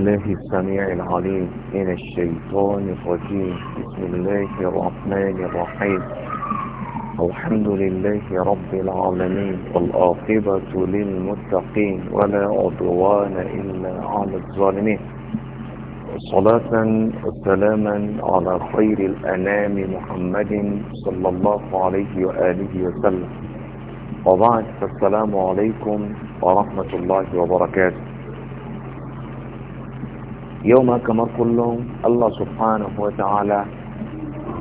الله السميع العليم من الشيطان الرجيم بسم الله الرحمن الرحيم الحمد لله رب العالمين والآقبة للمتقين ولا عدوان إلا على الظالمين صلاة وسلاما على خير الأنام محمد صلى الله عليه وآله وسلم وبعد السلام عليكم ورحمة الله وبركاته yau ma kamar kullum Allah subhanahu wa ta'ala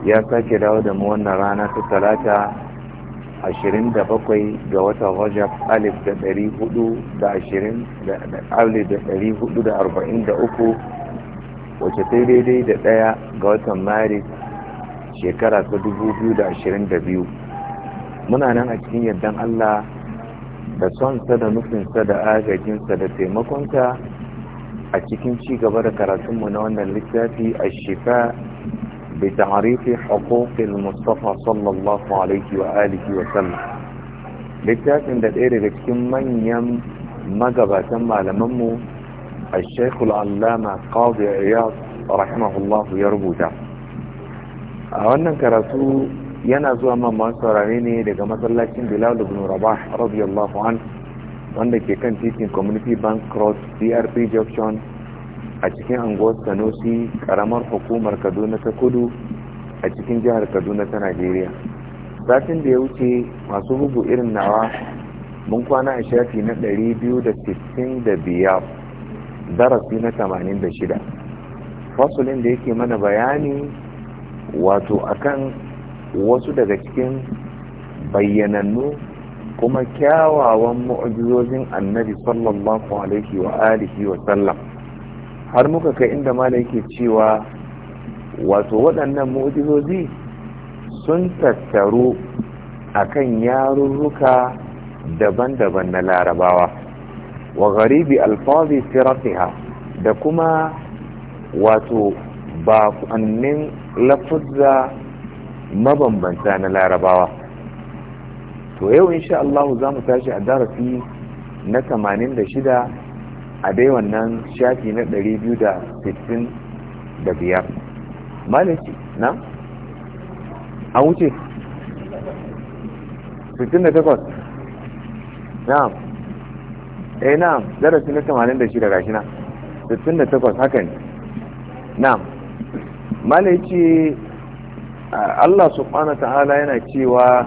ya sake dawo da mu wannan rana ta talata 27 ga watan rajab alif da 443 wacce sai daidai da daya ga watan maris shekara ta 2022 muna nan a cikin yardan Allah da sonsa da nufinsa da agajinsa da taimakonsa a cikin ci gaba da karatunmu na wannan littafi a shifa bi ta'arifi huquqil mustafa sallallahu alaihi wa alihi wa sallam littafin da ɗaya daga cikin manyan magabatan malamanmu a shekul allama qadi iyas rahimahullahu ya rubuta a wannan karatu yana zuwa man masu ne daga masallacin bilal ibn rabah radiyallahu anhu wanda ke kan titin community bank cross drp junction a cikin anguwar sanosi karamar hukumar kaduna ta kudu a cikin jihar kaduna ta najeriya satin da ya wuce masu bugu irin nawa mun kwana a shafi na 265 darasi na 86 fasulin da yake mana bayani wato akan wasu daga cikin bayyanannu kuma kyawawan mu'ajizojin annabi sallallahu alaihi wa alihi wa sallam har muka kai inda mala yake cewa wato waɗannan mu'ajizoji sun tattaru akan yarurruka daban-daban na larabawa wa garibi alfazi siratiha da kuma wato baƙonnin lafuzza mabambanta na larabawa to yau insha Allah za mu tashi a darasi na 86 a dai wannan shafi na 265 Maliki, na an wuce 68 Na. eh na. darasi na 86 gashi na 68 haka ne Na. malaki Allah subhanahu wa ta'ala yana cewa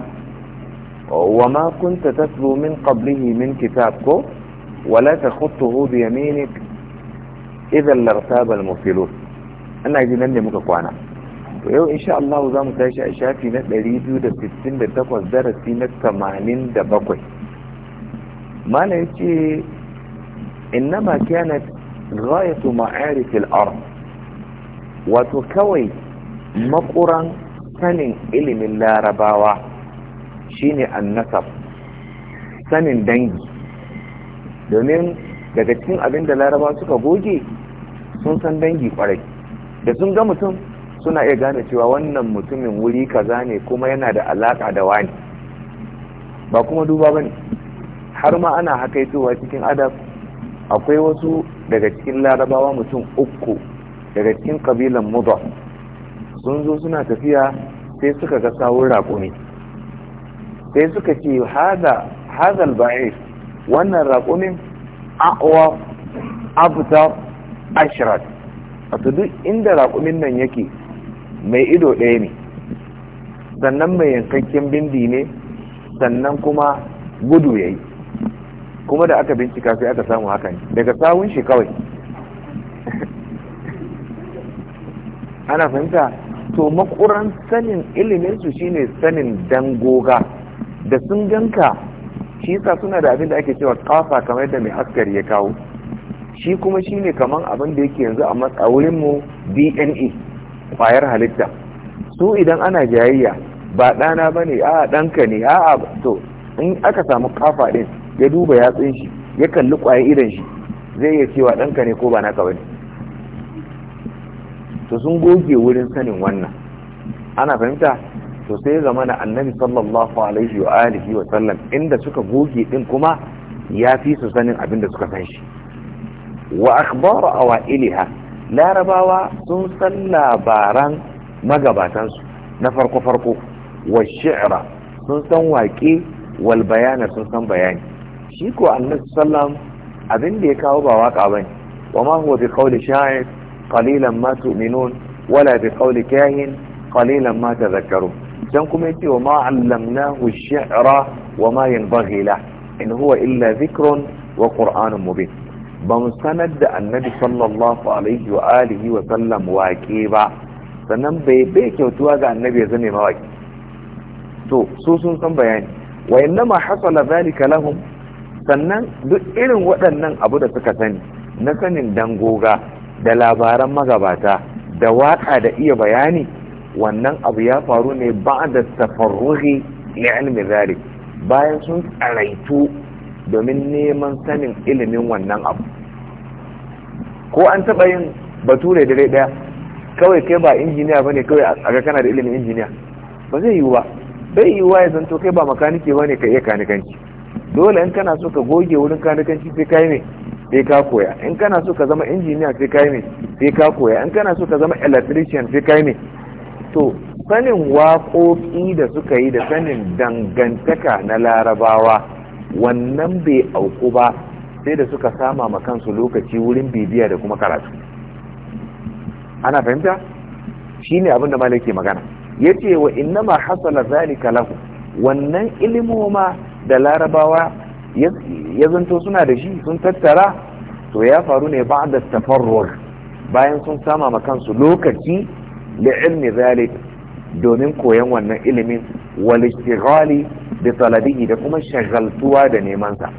وما كنت تتلو من قبله من كتابك ولا تخطه بيمينك اذا لارتاب المفلوس انا عايزين نني مكا ويو ان شاء الله ذا متاشا في نت لريدو دا ستين بتاكوز درسي نت ثمانين دا بقوي ما نيجي انما كانت غاية معارف الارض وتكوي سنين الي من لا رباوه shine annasab sanin dangi domin daga cikin abin da laraba suka goge sun san dangi kwarai da sun ga mutum suna iya gane cewa wannan mutumin wuri kaza ne kuma yana da alaka da wani ba kuma duba bane har ma ana hakaitowa cikin adab akwai wasu daga cikin larabawa mutum uku daga cikin kabilan mudar sun zo suna tafiya sai suka ga sawun raƙumi sai suka ce hada hadal ba'ir wannan raƙumin aqwa abta ashrat wato duk inda raƙumin nan yake mai ido ɗaya ne sannan mai yankakken bindi ne sannan kuma gudu yayi kuma da aka bincika sai aka samu haka ne daga sawun shi kawai ana fahimta to makuran sanin su shine sanin dangoga da sun ganka shi sa suna da abin da ake cewa kafa kamar yadda mai askari ya kawo shi kuma shi ne kamar abin da yake yanzu a matsa wurin mu DNA kwayar halitta su idan ana jayayya ba ɗana ba ne a ɗanka ne a to in aka samu kafa ɗin ya duba yatsun shi ya kalli ƙwayar idan shi zai iya cewa ɗanka ne ko ba na kawai? ne to sun goge wurin sanin wannan ana fahimta to sai zama na annabi sallallahu alaihi wa alihi wa sallam inda suka goge din kuma ya fi su sanin abin da suka san shi wa akhbaru awailiha larabawa sun san labaran magabatansu na farko farko wa shi'ra sun san waƙe wal bayana sun san bayani shi ko annabi sallam abin da ya kawo ba waka bane wa ma huwa bi qawli sha'ir qalilan ma tu'minun wala bi qawli kahin qalilan ma tadhakkarun dan kuma yace wa ma allamnahu shi'ra wa ma yanbaghi la in huwa illa dhikrun wa qur'anun mubin ba mu sanar da annabi sallallahu alaihi wa alihi wa sallam waƙe ba sannan bai bai kyautuwa ga annabi ya zame mawaƙi to su sun san bayani wa ma hasala zalika lahum sannan duk irin waɗannan abu da suka sani na sanin dangoga da labaran magabata da waƙa da iya bayani wannan abu ya faru ne ba da tafarruhi na ilmi zari bayan sun tsaraitu domin neman sanin ilimin wannan abu ko an taɓa yin batu ne dare ɗaya kawai kai ba injiniya ba ne kawai a ga kana da ilimin injiniya ba zai yiwu ba bai yiwuwa ya zanto kai ba makaniki ba ne ka iya kanikanci dole in kana so ka goge wurin kanikanci sai kai ne sai ka koya in kana so ka zama injiniya sai kai ne sai ka koya in kana so ka zama electrician sai kai ne to sanin waƙoƙi da suka yi da sanin dangantaka na larabawa wannan bai auku ba sai da suka sama ma kansu lokaci wurin bibiya da kuma karatu ana fahimta shi ne abinda malaki magana ya ce wa innama hasala zalika lahu wannan ilimoma da larabawa ya zanto suna da shi sun tattara to ya faru ne ba da tafarwar bayan sun sama ma kansu lokaci li'ilmi zalik domin koyon wannan ilimin wal da bi da kuma shagaltuwa da nemansa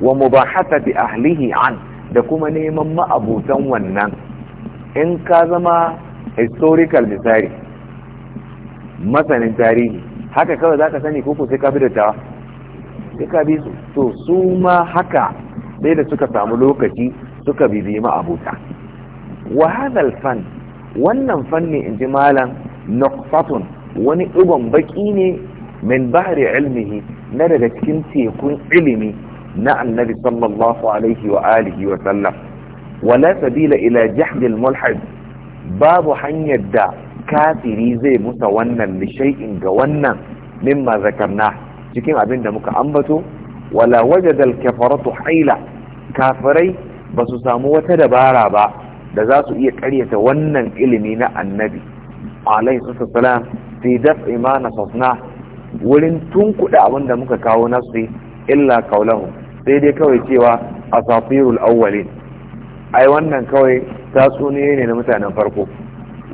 wa mubahata mubahatati ahlihi an da kuma neman ma'abutan wannan in ka zama historical misali masanin tarihi haka kawai zaka sani koko sai ka bi dattawa sai ka bi to su ma haka ɗaya da suka samu lokaci suka bibi ma'abuta wa hadha al-fan wannan fanni in ji malam nuqsatun wani ɗigon baki ne min bahri ilmihi na daga cikin tekun ilimi na annabi sallallahu alaihi wa alihi wa sallam wala sabila ila jahdil mulhid babu hanyar da kafiri zai musa wannan lishai'in ga wannan mimma zakarna cikin abin da muka ambato wala wajadal kafaratu haila kafirai ba su samu wata dabara ba da za su iya karyata wannan ilimi na annabi alaihi salam fi daf'i ma nasasna wurin tunkuɗa abin da muka kawo nasu illa kaulahu sai dai kawai cewa asafirul awwalin ai wannan kawai tatsuniyoyi ne na mutanen farko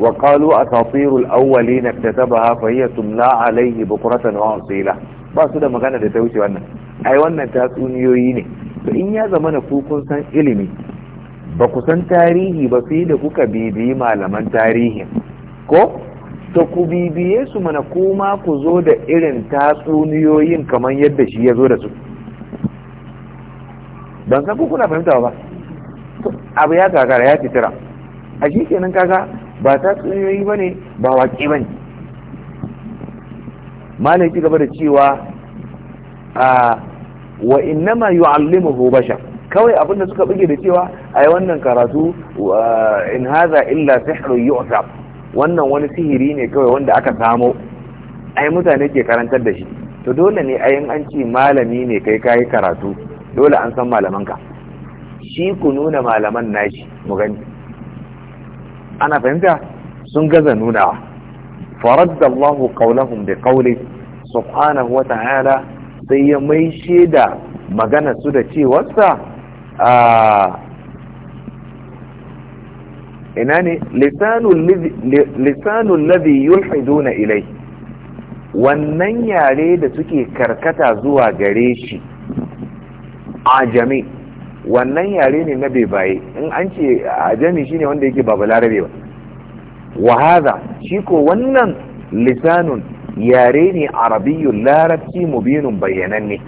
wa qalu na awwalin iktatabaha fa hiya tumla alayhi bukratan wa asila ba su da magana da ta wuce wannan ai wannan tatsuniyoyi ne to in ya zama na ku kun san ilimi ba ku san tarihi ba sai da kuka bibiyi malaman tarihin ko to ku bibiye su mana kuma ku zo da irin tatsuniyoyin kamar yadda shi ya zo da su ban san kuna fahimta ba abu ya gagara ya fitira a shi kenan kaga ba tatsuniyoyi ba ne ba waƙi ba ne malai ci gaba da cewa a ah, wa innama yu'allimuhu bashar kawai abin da suka buge da cewa ai wannan karatu in haza illa sihru yu'sab wannan wani sihiri ne kawai wanda aka samo ai mutane ke karantar da shi to dole ne ayin an ce malami ne kai kai karatu dole an san malamanka shi ku nuna malaman nashi mu gani ana fahimta sun gaza nunawa faradda Allahu qawlahum bi qawli subhanahu wa ta'ala sai ya mai da magana su da cewarsa a ina ne lisanul ladhi yulhiduna ilai wannan yare da suke karkata zuwa gare shi ajami wannan yare ne na bebaye in an ce jami shine wanda yake babu Larabe ba wahaza shi ko wannan lisanun yare ne arabiyyun larabci mubinun bayyananne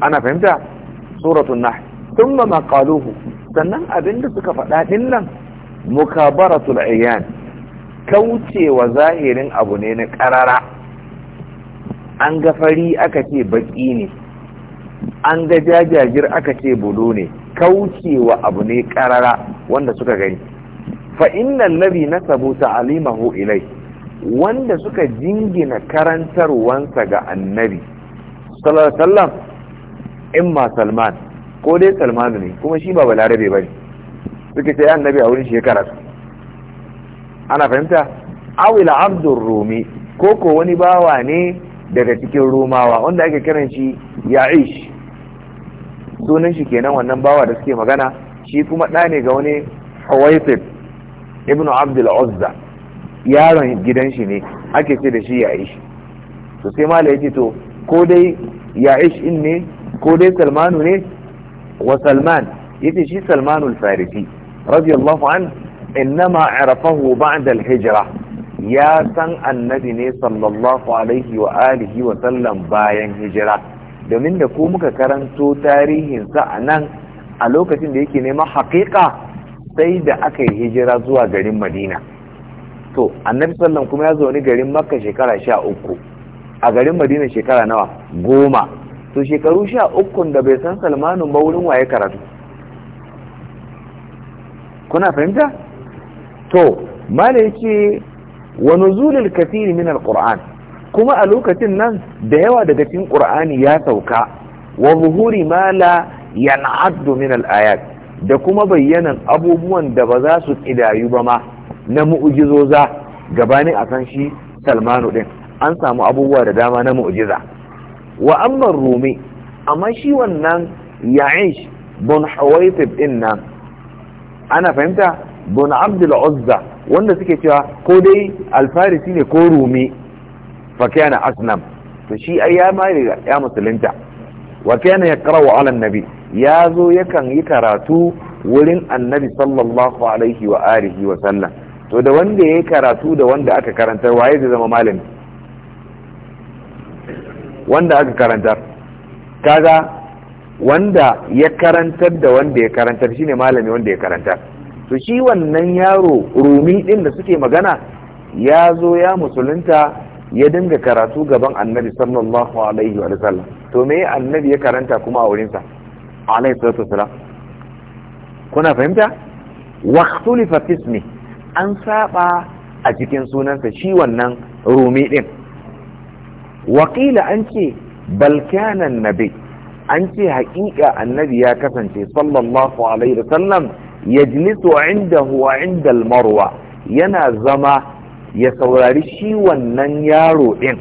ana fahimta suratun nahl thumma ma qaluhu sannan abinda suka faɗa ɗin nan mukabaratul ayyan kaucewa zahirin abu ne na ƙarara an ga fari aka ce baƙi ne an ga jajajir aka ce bulo ne kaucewa abu ne ƙarara wanda suka gani fa innal ladhi nasabu ta'limahu ilai wanda suka jingina karantarwansa ga annabi sallallahu alaihi wasallam imma salman ko dai salmanu ne kuma shi ba balarabe ba ne suka ce annabi a wurin shekara ana fahimta awila abdur rumi ko ko wani bawa ne daga cikin rumawa wanda ake kiran shi ya'ish sunan shi kenan wannan bawa da suke magana shi kuma ɗa ne ga wani hawaifin ibnu abdul uzza yaron gidan shi ne ake ce da shi ya'ish to sai mala ya ce to ko dai ya'ish in ne ko dai salmanu ne wa salman yace shi salmanul farisi radiyallahu an innama arafahu ba'da al-hijra ya san annabi ne sallallahu alaihi wa alihi wa sallam bayan hijira domin da ko muka karanto tarihinsa a nan a lokacin da yake neman haƙiƙa sai da aka yi hijira zuwa garin madina to annabi kuma ya zaune garin makka shekara sha uku a garin madina shekara nawa goma to shekaru sha ukun da bai san salmanu ba wurin waye karatu kuna fahimta to mala yake wa nuzulul kathiri min alquran kuma a lokacin nan da yawa daga cikin qur'ani ya sauka wa zuhuri ma la yan'addu min alayat da kuma bayyanan abubuwan da ba za su kidayu ba ma na mu'jizoza gabanin a san shi salmanu din an samu abubuwa da dama na mu'jiza wa amma rumi amma shi wannan ya'ish bun hawaitib din nan ana fahimta bun abdul uzza wanda suke cewa ko dai alfarisi ne ko rumi fa kana asnam to shi ai ya ma ya musulunta wa kana yaqra'u 'ala nabi ya zo yakan yi karatu wurin annabi sallallahu alaihi wa alihi wa sallam to da wanda yayi karatu da wanda aka karantar waye zai zama malami wanda aka karantar kaga wanda ya karantar da wanda ya karantar shine malami wanda ya karantar to shi wannan yaro rumi din da suke magana ya zo ya musulunta ya dinga karatu gaban annabi sallallahu alaihi wa sallam to me annabi ya karanta kuma a wurinsa alaihi salatu wasalam kuna fahimta wa ismi an saba a cikin sunansa shi wannan rumi din waƙila an ce balkanan nabi an ce haƙiƙa annabi ya kasance sallallahu alaihi wa sallam yajlisu indahu wa indal marwa yana zama ya saurari shi wannan yaro din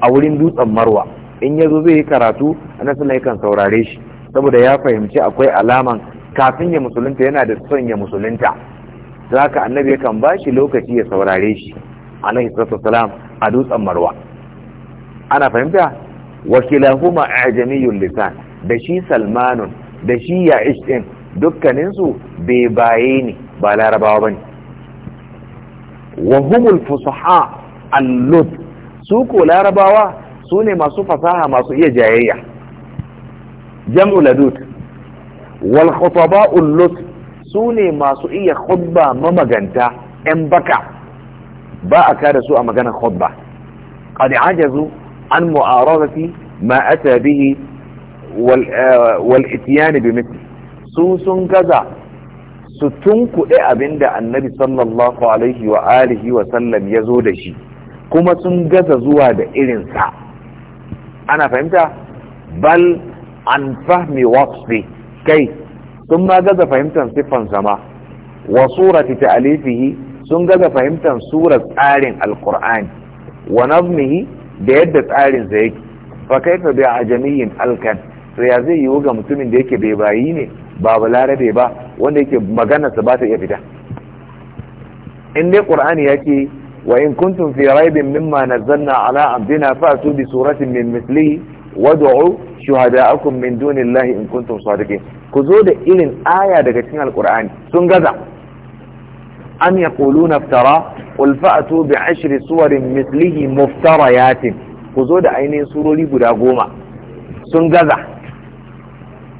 a wurin dutsen marwa in ya zo zai yi karatu annabi sallallahu yakan saurare shi saboda ya fahimci akwai alaman kafin ya musulunta yana da son ya musulunta ka annabi yakan bashi lokaci ya saurare shi alaihi salatu a dutsen marwa ana fahimta wakilahuma ajamiyul lisan da shi salmanun da shi ya'ish din dukkaninsu bai baye ne ba larabawa bane ne wahumul fusaha al su ko larabawa su ne masu fasaha masu iya jayayya jam'u ladud wal khutaba'u lut su ne masu iya khutba mamaganta yan baka ba a kada su a maganar khutba qad ajazu عن معارضة ما أتى به والاتيان بمثل سوس كذا ستنكو أبن دا النبي صلى الله عليه وآله وسلم يزود شي كما سنكذا زواد إرنسا أنا فهمتها بل عن فهم وصفه كيف sun ma gaza fahimtar siffansa ma wa surati ta'alifihi sun gaza fahimtar surar tsarin alkur'ani wa nazmihi da yadda tsarinsa yake fa kaifa bi ajamiyin alkan to ya zai yiwu ga mutumin da yake bai bayi ne ba balarabe ba wanda yake maganarsa ba ta iya fita in dai qur'ani yake wa in kuntum fi raibin mimma nazzalna ala abdina fa'tu bi suratin min mislihi wad'u shuhada'akum min dunillahi in kuntum sadiqin ku zo da irin aya daga cikin alqur'ani sun gaza am yaquluna iftara قل فأتوا بعشر صور مثله مفتريات كزود عيني سروري لي قوما سنجزة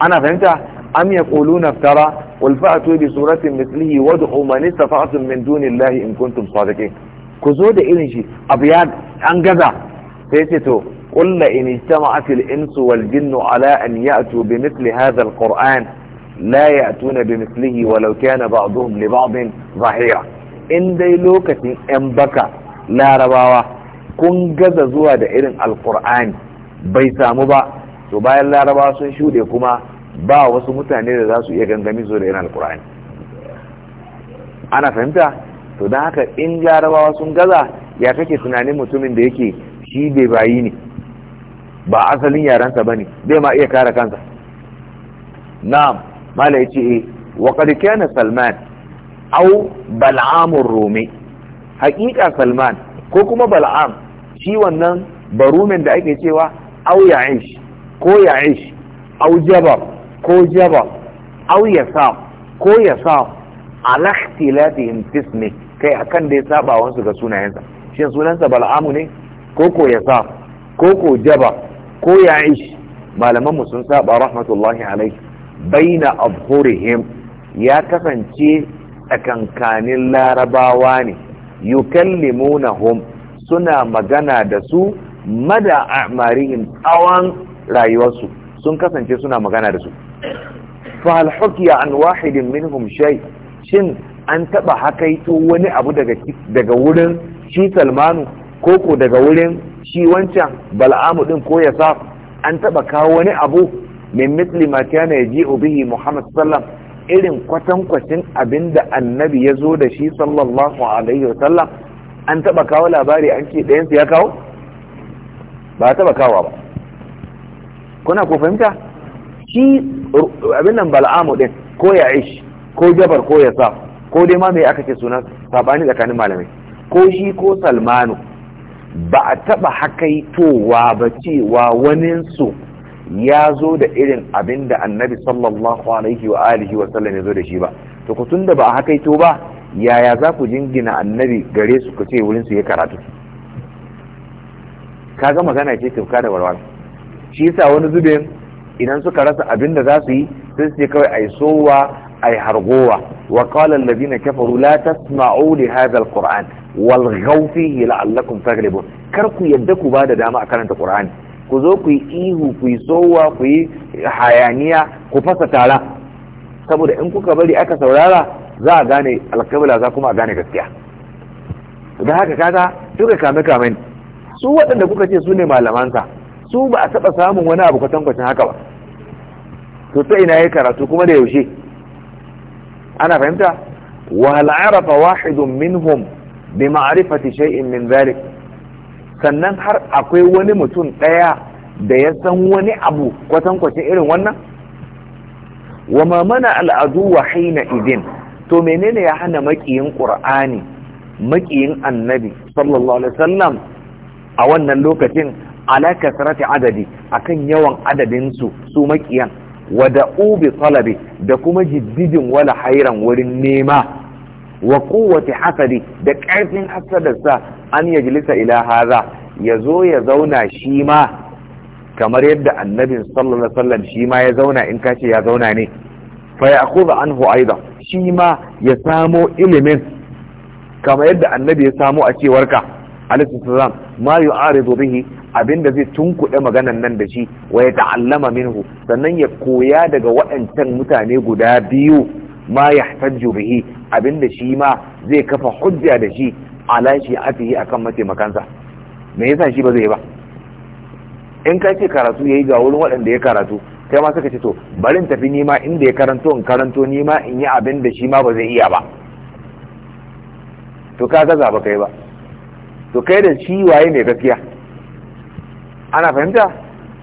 أنا فهمتها أم يقولون افترى قل فأتوا بسورة مثله وادعوا من استطعتم من دون الله إن كنتم صادقين كزود إلين شيء أبياد أنجزة فيتتو قل لئن اجتمعت الإنس والجن على أن يأتوا بمثل هذا القرآن لا يأتون بمثله ولو كان بعضهم لبعض ظهيرا in dai lokacin 'yan baka larabawa kun gaza zuwa da irin alkur'ani bai samu ba to bayan larabawa sun shuɗe kuma ba wasu mutane da za su iya gangami zuwa da irin alkur'ani ana fahimta to don haka in larabawa sun gaza ya kake tunanin mutumin da yake shi bai bayi ne ba asalin yarensa ba ne bai ma iya kare kansa na'am mala ya ce eh, wa kana salman au bal'amun rome haƙiƙa salman ko kuma bal'am shi wannan barumin da ake cewa au ya'ish ko ya'ish au jabar ko jabar au yasa ko yasa ala ikhtilafihim fismi kai akan da ya saba wansu ga sunayensa shin sunansa bal'amu ne ko ko yasa ko ko jabar ko ya'ish malaman mu sun saba rahmatullahi alaihi baina abhurihim ya kasance tsakankanin larabawa ne yukallimunahum suna magana da su mada a'marihim tsawon rayuwarsu sun kasance suna magana da su fahal an wahidin minhum shay shin an taba hakaito wani abu daga daga wurin shi salmanu koko daga wurin shi wancan bal'amu din ko yasa an taba kawo wani abu min misli ma kana yaji bihi muhammad sallallahu irin kwatankwacin abin da annabi ya zo da shi sallallahu alaihi wasallam an taba kawo labari an ce ɗayansu ya kawo ba a taba kawo ba kuna ko fahimta shi abin nan bal'amu ɗin ko ya ishi ko jabar ko ya sa ko dai ma mai aka ce suna sabani tsakanin malamai ko shi ko salmanu ba a taba hakaitowa ba cewa waninsu ya zo da irin abin da annabi sallallahu alaihi wa alihi wa sallam ya zo da shi ba to ku tunda ba a haka ito ba yaya za ku jingina annabi gare su ku ce wurin su ya karatu Ka ga magana ce tufka da warwara shi yasa wani zubin idan suka rasa abin da za su yi sai su ce kawai ai sowa ai hargowa wa qala alladhina kafaru la tasma'u li hadha alquran wal fihi la'allakum taghlibun kar ku yadda ku ba da dama a karanta qur'ani ku zo ku yi ihu ku yi sowa ku yi hayaniya ku fasa tara saboda in kuka bari aka saurara za a gane alkabila za kuma a gane gaskiya da haka kaga duka kame kame su waɗanda kuka ce su ne malamanta? su ba a taɓa samun wani abu kwatankwacin haka ba to ta ina karatu kuma da yaushe ana fahimta wa hal wahidun minhum bi ma'rifati shay'in min dhalik sannan har akwai wani mutum ɗaya da ya san wani abu kwatankwacin irin wannan wa ma mana al'adu wa haina idin to menene ya hana makiyin ƙur'ani, makiyin annabi sallallahu alaihi wasallam a wannan lokacin ala kasrati adadi kan yawan adadin su su makiyan wa da ubi talabi da kuma jiddijin wala hairan wurin nema wa kowace hasadi da ƙarfin hasadarsa an yi jilisa ila haza ya zo ya zauna shi ma kamar yadda annabin sallallahu alaihi wasallam shi ma ya zauna in kace ya zauna ne fa ya akhudha anhu aidan shi ma ya samo ilimin kamar yadda annabi ya samo a cewarka alaihi salam ma yu'aridu bihi abinda zai tunkuɗe maganan nan da shi wa ya ta'allama minhu sannan ya koya daga waɗancan mutane guda biyu ma yahtaju bihi abinda shi ma zai kafa hujja da shi ala shi'atihi akan mataimakansa me yasa shi ba zai ba in ka ce karatu ya yi ga wurin waɗanda ya karatu kai ma suka ce to bari in tafi nima inda ya karanto in karanto nima in yi abin shi ma ba zai iya ba to ka gaza ba kai ba to kai da shi waye mai gaskiya ana fahimta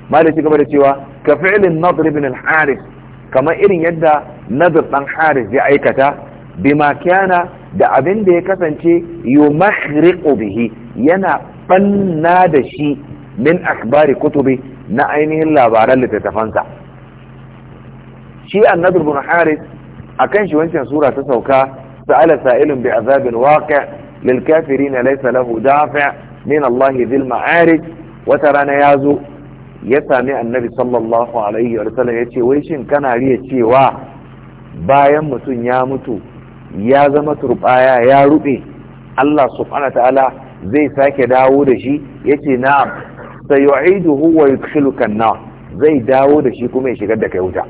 da ci gaba da cewa ka fi'ilin nadr ibn al-harith kamar irin yadda nazir ɗan haris ya aikata bima kyana da abin da ya kasance yumahriqu bihi yana banna da shi min akbari kutubi na ainihin labaran littattafansa shi annabi bin haris akan shi wancan sura ta sauka sa'ala sa'ilun bi azabin waqi' lil kafirin laysa lahu dafi' min Allah dhil ma'arij wata rana yazo ya sami annabi sallallahu alaihi wa sallam yace wai shin kana riya cewa bayan mutum ya mutu ya zama turbaya ya rube Allah subhanahu ta'ala zai sake dawo da shi yace na'am sayu'iduhu wa yudkhiluka an-nar zai dawo da shi kuma ya shigar da kai wuta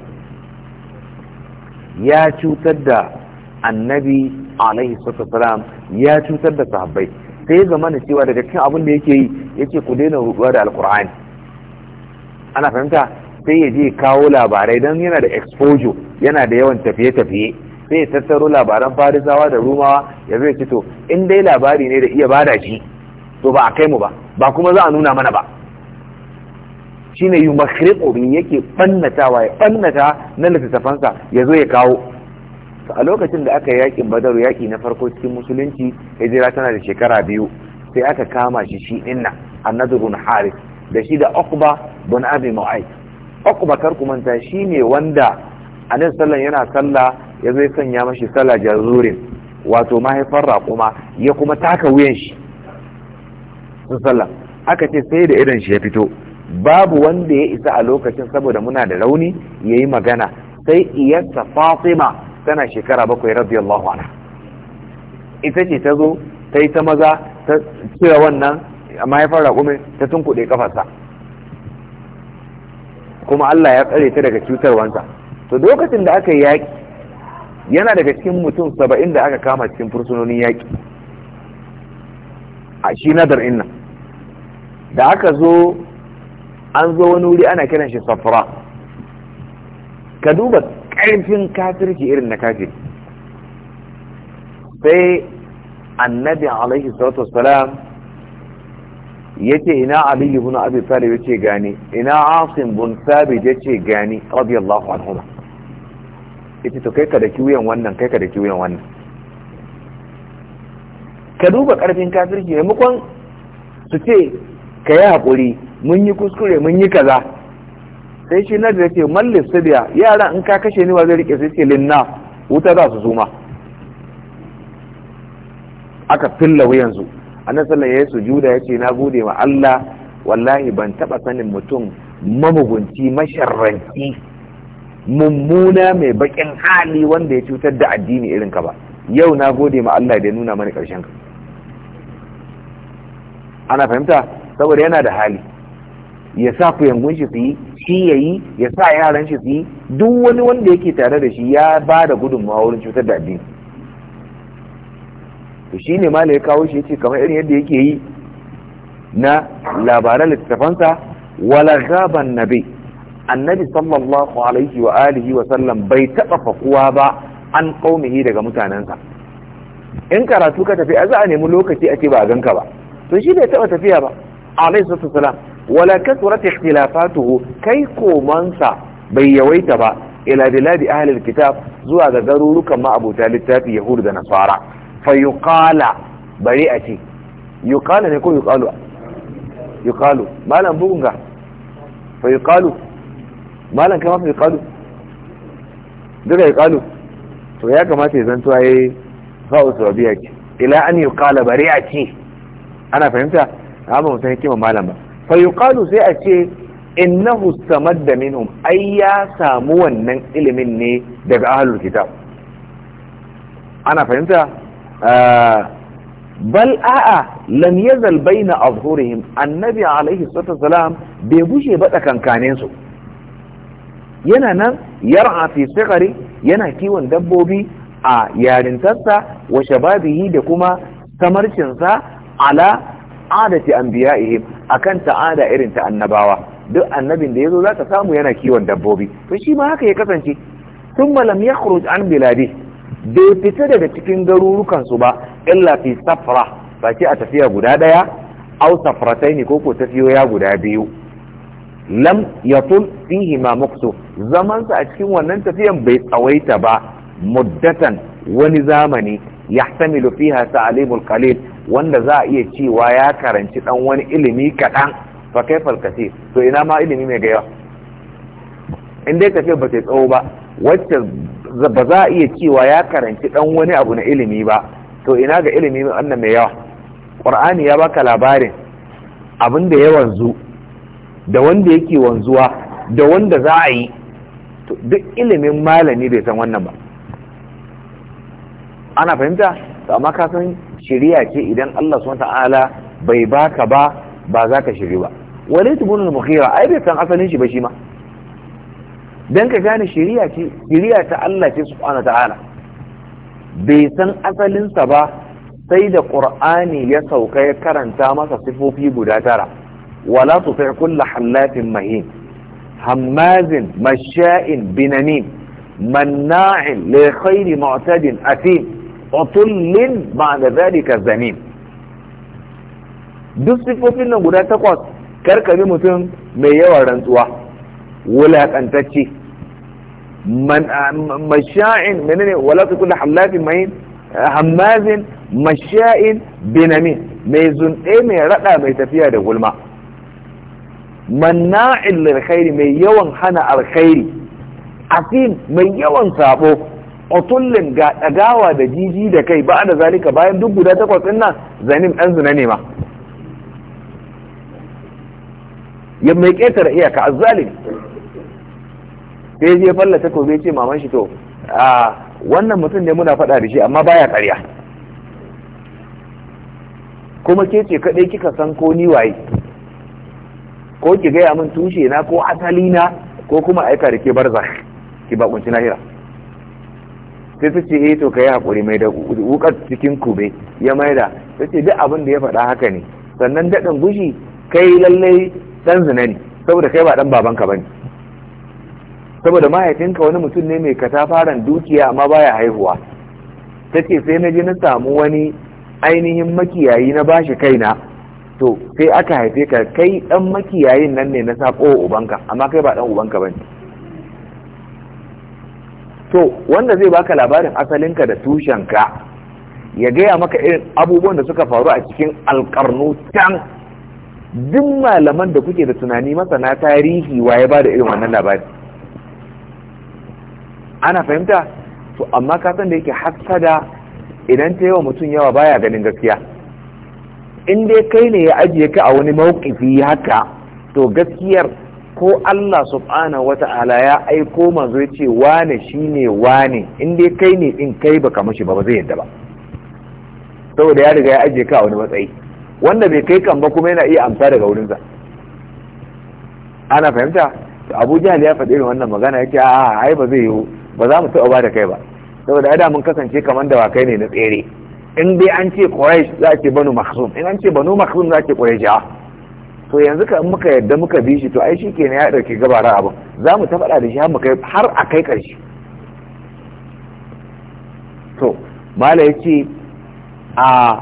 ya cutar da annabi alaihi salatu ya cutar da sahabbai sai zama da cewa daga cikin abin da yake yi yake ku daina rubuwa da alqur'ani ana fahimta sai ya je kawo labarai don yana da exposure yana da yawan tafiye-tafiye sai ya tattaro labaran farisawa da rumawa ya zai ya in dai labari ne da iya bada shi to ba a kai mu ba ba kuma za a nuna mana ba shine yi makrikobin yake bannatawa ya ɓannata na littattafansa ya zo ya kawo a lokacin da aka yi yakin badaru yaki na farko cikin musulunci hijira tana da shekara biyu sai aka kama shi shi inna annabi bin haris da shi da ukba bin abi mu'ayth akubakar kar ku shi ne wanda nan sallan yana sallah ya zai sanya mashi sallah jazurin wato mahaifar raƙuma ya kuma taka wuyan shi sun sallah aka ce sai da idan shi ya fito babu wanda ya isa a lokacin saboda muna da rauni ya yi magana sai iyarsa fatima tana shekara bakwai radiyallahu anha ita ce ta zo ta yi ta maza ta cire wannan mahaifar raƙumin ta tunkuɗe kafarsa kuma Allah ya tsare ta daga cutarwansa to lokacin da aka yi yaƙi yana daga cikin mutum saba'in da aka kama cikin fursunonin yaƙi a shi nadar inna da aka zo an zo wani wuri ana kiran shi safra ka duba ƙarfin kafirci irin na kafiri sai annabi alaihi salatu wassalam yace ina ali ibn abi talib yace gani ina asim bin sabit yace gani radiyallahu anhu yace to kai ka da kiwon wannan kai ka da kiwon wannan ka duba karfin kafirci maimakon su ce ka yi haƙuri mun yi kuskure mun yi kaza sai shi na da ce mallis sabiya yara in ka kashe ni ba zai rike sai ce linna wuta za su zuma aka wuyan yanzu annabi sallallahu alaihi sujuda yace na gode wa Allah wallahi ban taba sanin mutum mamugunci masharranki mummuna mai bakin hali wanda ya cutar da addini irin ka ba yau na gode ma Allah da nuna mani karshen ka ana fahimta saboda yana da hali ya sa ku yangun shi su yi shi ya yi ya sa yaran shi su yi duk wani wanda yake tare da shi ya ba da gudunmawa wurin cutar da addini to shi ne mala ya kawo shi ya ce kamar irin yadda yake yi na labaran littattafansa wala gaban nabi annabi sallallahu alaihi wa alihi wa sallam bai taɓa fakuwa ba an ƙaumihi daga mutanensa in karatu ka tafi a za a nemi lokaci a ce ba a ganka ba to shi bai taɓa tafiya ba alaihi sallallahu salam wala kasurat ikhtilafatuhu kai komansa bai yawaita ba ila biladi ahli alkitab zuwa ga garurukan ma abota littafi yahudu da nasara fa bari a ce yuqala ne ko yuqalu yuqalu malam bugunga fa yuqalu malam kama fa yuqalu duka yuqalu to ya kamata ya zanto yayi fa'u sababiya ce ila an yuqala bari a ce ana fahimta amma mutum ma malam ba fa sai a ce innahu da minhum ai ya samu wannan ilimin ne daga ahlul kitab ana fahimta bal a'a lam yazal baina azhurihim annabi alaihi salatu wasalam bai bushe ba tsakankanin su yana nan yar'a fi sigari yana kiwon dabbobi a yarintarsa wa shababihi da kuma samarcinsa ala adati anbiya'ihim akan ta'ada irin ta annabawa duk annabin da yazo zaka samu yana kiwon dabbobi to shi ma haka ya kasance thumma lam yakhruj an biladihi bai fita daga cikin garurukansu ba illa fi safra sake a tafiya guda daya au safratai ne koko tafiyoya guda biyu lam yatul fihi ma zaman zamansa a cikin wannan tafiyan bai tsawaita ba muddatan wani zamani yahtamilu fiha sa'alimul qalil wanda za a iya cewa ya karanci dan wani ilimi kaɗan fa kaifal kasir to ina ma ilimi mai gaya in dai tafiyar ba ta tsawo ba wacce ba za a iya cewa ya karanci dan wani abu na ilimi ba to ina ga ilimi wannan mai yawa qur'ani ya baka labarin abin da ya wanzu da wanda yake wanzuwa da wanda za a yi to duk ilimin malami bai san wannan ba ana fahimta to amma ka san shiriya ce idan Allah subhanahu ta'ala bai baka ba ba za ka shiri ba wani ibn al ai bai san asalin shi ba shi ma dan ka gane shari'a ce shari'a ta Allah ce subhanahu ta'ala bai san asalinsa ba sai da qur'ani ya sauka ya karanta masa sifofi guda tara wala tuti' kulla hallatin mahin hammazin masha'in binamin manna'in li khairi mu'tadin atim utullin ba'da zalika zanin duk sifofin nan guda takwas karkami mutum mai yawan rantsuwa wulaƙantacce masha'in menene wala su kula hallafin mai hammazin masha'in binamin mai zunɗe mai raɗa mai tafiya da gulma manna'in lirkhairi mai yawan hana alkhairi Asin mai yawan sabo otullin ga ɗagawa da jiji da kai ba da zalika bayan duk guda takwas ɗin nan zanin ɗan zina ne ma ya mai ƙetare iyaka azzalimi sai je falla ko ce maman shi to a wannan mutum ne muna faɗa da shi amma baya ƙarya kuma ke ce kaɗai kika san ko ni waye ko ki gaya min tushe na ko asali na ko kuma aika da ke barza ki kunci lahira sai su ce eh to kai hakuri mai da wukar cikin kube ya maida ta ce duk abin da ya faɗa haka ne sannan daɗin gushi kai lallai ɗan zina saboda kai ba ɗan babanka ba ne saboda mahaifinka wani mutum ne mai katafaren dukiya amma baya haihuwa ta ce sai na je na samu wani ainihin makiyayi na bashi kaina to sai aka haife ka kai dan makiyayin nan ne na sako ubanka amma kai ba dan ubanka ba ne to wanda zai baka labarin asalinka da tushenka ya gaya maka irin abubuwan da suka faru a cikin alkarnu can duk malaman da kuke da tunani masana tarihi wa ya ba da irin wannan labari ana fahimta to amma ka san da yake hassada idan ta yawa mutum yawa baya ganin gaskiya in dai kai ne ya ajiye ka a wani mawkifi haka to gaskiyar ko Allah subhanahu wata'ala ya aiko manzo ya ce wane shine wane in dai kai ne din kai baka mashi ba ba zai yadda ba saboda ya riga ya ajiye ka a wani matsayi wanda bai kai kan ba kuma yana iya amsa daga wurinsa ana fahimta abu jahal ya faɗi wannan magana yake a ai ba zai yiwu ba za mu taɓa ba da kai ba saboda ada mun kasance kamar da kai ne na tsere in dai an ce quraish za a ce banu makhzum in an ce banu makhzum za a ce quraishawa to yanzu ka muka yadda muka bi shi to ai shikenan ya dauki gabara abin za mu ta da shi har mu kai har a kai ƙarshe to mala yace a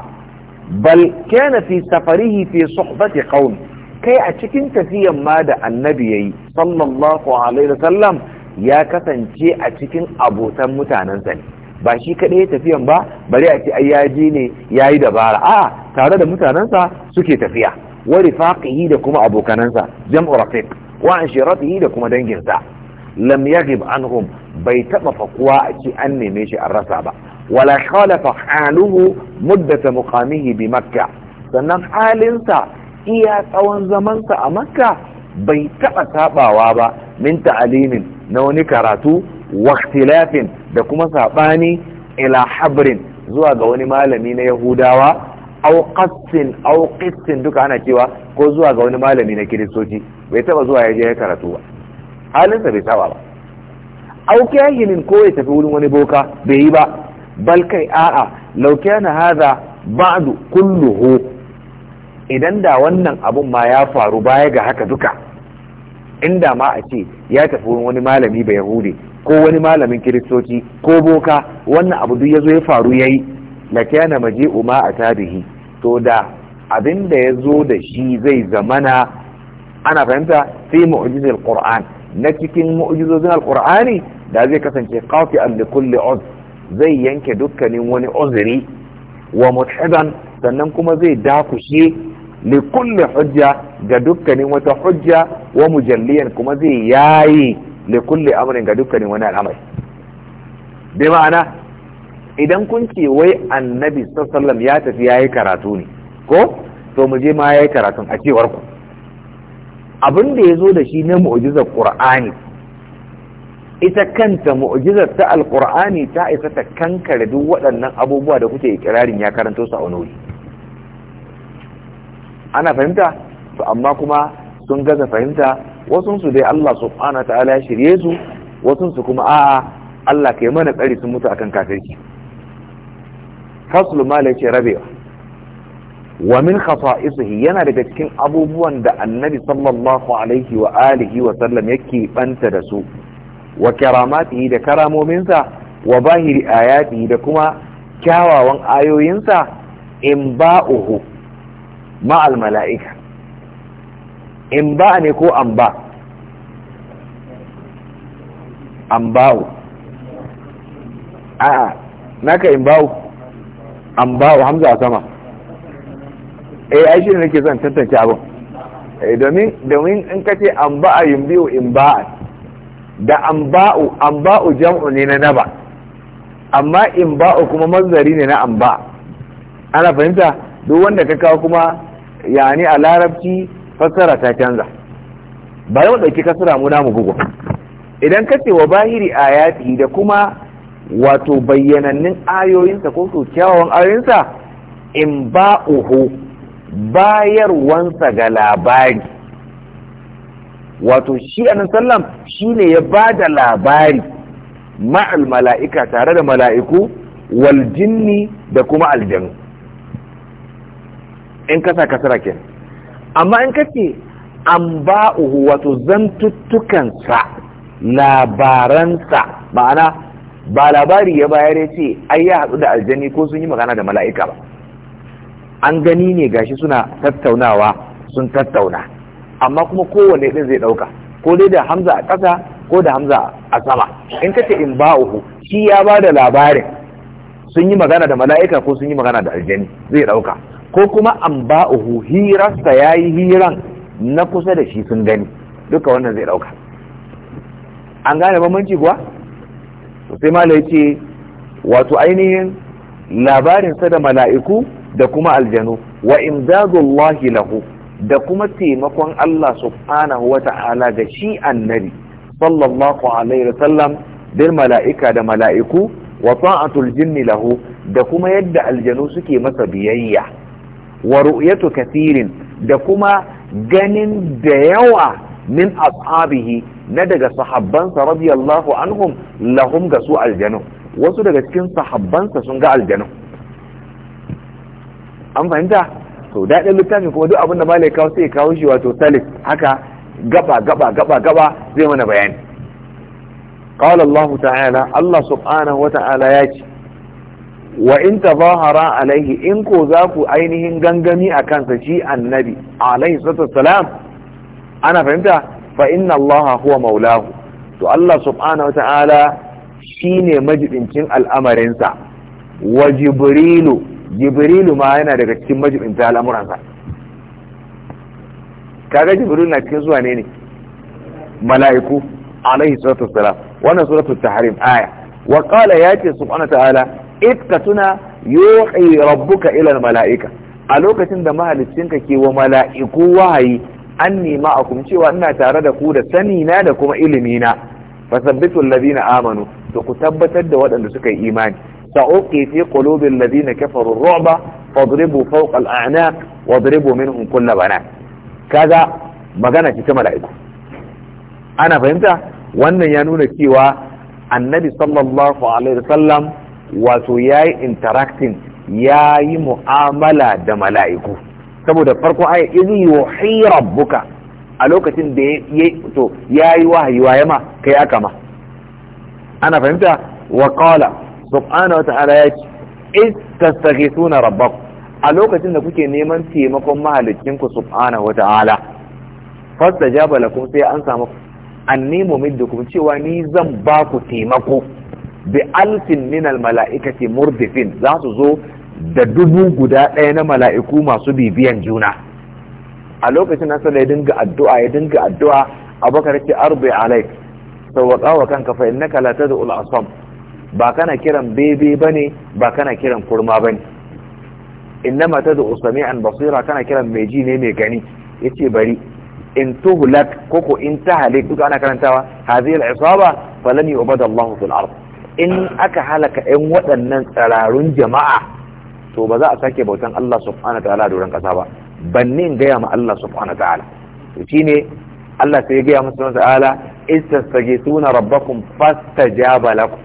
bal kana fi safarihi fi suhbati qaum kai a cikin tafiyan ma da annabi yayi sallallahu alaihi wasallam ya kasance a cikin abotan mutanensa ne ba shi kaɗai tafiyan ba bari a ce ayyaji ne ya yi dabara a tare da mutanensa suke tafiya wa rifaqihi da kuma abokanansa jam'u rafiq wa anshiratihi da kuma danginsa lam yaghib anhum bai taba fakuwa a ce an neme shi an rasa ba wala khalafa haluhu muddata muqamihi bi makka sannan halinsa iya tsawon zamansa a makka bai taba sabawa ba min ta'alimin na wani karatu waktilafin da kuma saɓani ila habrin zuwa ga wani malami na yahudawa auƙassin auƙassin duka ana cewa ko zuwa ga wani malami na kiristoci bai taɓa zuwa yaje ya karatu ba halinsa bai saba ba aukahinin ko ya tafi wurin wani boka bai yi ba bal kai a'a lauke na haza ba'du kulluhu idan da wannan abun ma ya faru baya ga haka duka inda ma a ce ya tafi wani malami bai hude ko wani malamin kiristoci ko boka wannan abu duk ya zo ya faru ya yi lakana maje uma a tarihi to da abin da ya zo da shi zai zamana ana fahimta fi mu'jizil qur'an na cikin mu'jizozin alqur'ani da zai kasance kafi li kulli uz zai yanke dukkanin wani uzuri wa mut'adan sannan kuma zai dakushe li kulli hujja ga dukkanin wata hujja wa mujalliyan kuma zai yayi li kulli amrin ga dukkanin wani al'amari bi ma'ana idan kun ce wai annabi sallallahu ya tafi yayi karatu ne ko to mu je ma yayi karatun a cewar ku abin da ya zo da shi na mu'jizar qur'ani ita kanta mu'jizar ta alqur'ani ta isa ta kankare duk waɗannan abubuwa da kuke ikirarin ya karanto su a wani wuri ana fahimta to amma kuma sun gaza fahimta wasun su dai Allah subhanahu ta'ala ya shirye su wasun su kuma a'a Allah kai mana tsari sun mutu akan kafirci faslu mala ce rabewa wa min khasa'isihi yana daga cikin abubuwan da annabi sallallahu alaihi wa alihi wa sallam yake banta da su wa karamatihi da karamominsa wa bahiri ayatihi da kuma kyawawan ayoyinsa in ba'uhu al mala'ika in ba ne ko an ba an bawo a'a naka in bawo an bawo hamza sama eh ai shi ne nake son tantance abin eh domin domin in ce an ba yin biyu in ba da an ba'u an ba'u jam'u ne na naba amma in ba'u kuma mazari ne na an ba ana fahimta duk wanda ka kawo kuma yani a larabci fassara ta canza bari mu ɗauki kasara mu namu bugu idan ka ce wa bahiri ayati da kuma wato bayyanannin ayoyinsa ko su kyawawan ayoyinsa in ba ba'uhu bayarwansa ga labari wato shi anan sallam ne ya ba da labari ma'al mala'ika tare da mala'iku wal da kuma aljanu in kasa kasara ke amma in kace an uhu wato zantuttukansa labaransa ma'ana ba labari ya bayar ya ce ai ya hatsu da aljani ko sun yi magana da mala'ika ba an gani ne gashi suna tattaunawa sun tattauna amma kuma kowane ɗin zai ɗauka ko dai da hamza a ƙasa ko da hamza a sama in kace in ba uhu shi ya ba da labarin sun yi magana da mala'ika ko sun yi magana da aljani zai ɗauka ko kuma an ba'uhu hirarsa ya yi hiran na kusa da shi sun gani duka wannan zai ɗauka an gane bambanci kuwa sai mala ce wato ainihin labarinsa da mala'iku da kuma aljanu wa imdadullahi lahu da kuma taimakon Allah subhanahu wa ta'ala ga shi annabi sallallahu alaihi wasallam bil mala'ika da mala'iku wa ta'atul jinni lahu da kuma yadda aljanu suke masa biyayya wa ru'yatu kathirin da kuma ganin da yawa min ashabihi na daga sahabbansa radiyallahu anhum lahum ga su aljanu wasu daga cikin sahabbansa sun ga aljanu an fahimta to daɗin littafin kuma duk abinda malai kawo sai kawo shi wato talis haka gaba gaba gaba gaba zai mana bayani qala Allah ta'ala Allah subhanahu wa ta'ala ya ce wa in tazahara alaihi in ko za ku ainihin gangami a kansa shi annabi alaihi salam ana fahimta fa inna allaha huwa maulahu to Allah subhanahu wata'ala shine majibincin al'amarinsa wa jibrilu jibrilu ma yana daga cikin majibinta al'amuransa kaga jibrilu na cikin zuwa ne ne mala'iku alaihi salatu wassalam wannan suratul tahrim aya wa qala ya ce subhanahu ta'ala itka tuna yuhi rabbuka ila mala'ika a lokacin da mahaliccinka ke wa mala'iku wahayi an nema a kumcewa, cewa ina tare da ku da sani na da kuma ilimi na fasabbitu amanu to ku tabbatar da waɗanda suka yi imani sa'uqi fi qulubi alladhina kafaru ar-ru'ba fadribu fawqa al wadribu minhum kull banan kaga magana ce ta mala'iku ana fahimta wannan ya nuna cewa annabi sallallahu alaihi wasallam wato ya yi interacting ya yi mu'amala da mala'iku saboda farko aya izi yuhi rabbuka a lokacin da ya yi wahayi wa ma kai aka ma ana fahimta wa qala subhanahu wa ta'ala ya ce in tastaghithuna rabbakum a lokacin da kuke neman taimakon mahalicin ku subhanahu wa ta'ala fastajaba lakum sai an samu annimu mumiddukum cewa ni zan ba ku taimako bi alfin min mala'ikati murdifin za su zo da dubu guda ɗaya na mala'iku masu bibiyan juna a lokacin nan sai ya dinga addu'a ya dinga addu'a abubakar ce arbi alaik sau wa kanka fa innaka la tad'ul asam ba kana kiran bebe ne, ba kana kiran kurma bane da tad'u an basira kana kiran mai ji ne mai gani yace bari in tuhulak koko in tahalik duka ana karantawa hadhihi al-isaba falan Allahu fil ardh in aka halaka yan waɗannan tsararun jama'a to ba za a sake bautan Allah subhanahu ta'ala a doron ƙasa ba banne in gaya ma Allah subhanahu ta'ala to shine Allah sai ya gaya musu subhanahu ta'ala suna rabbakum fastajaba lakum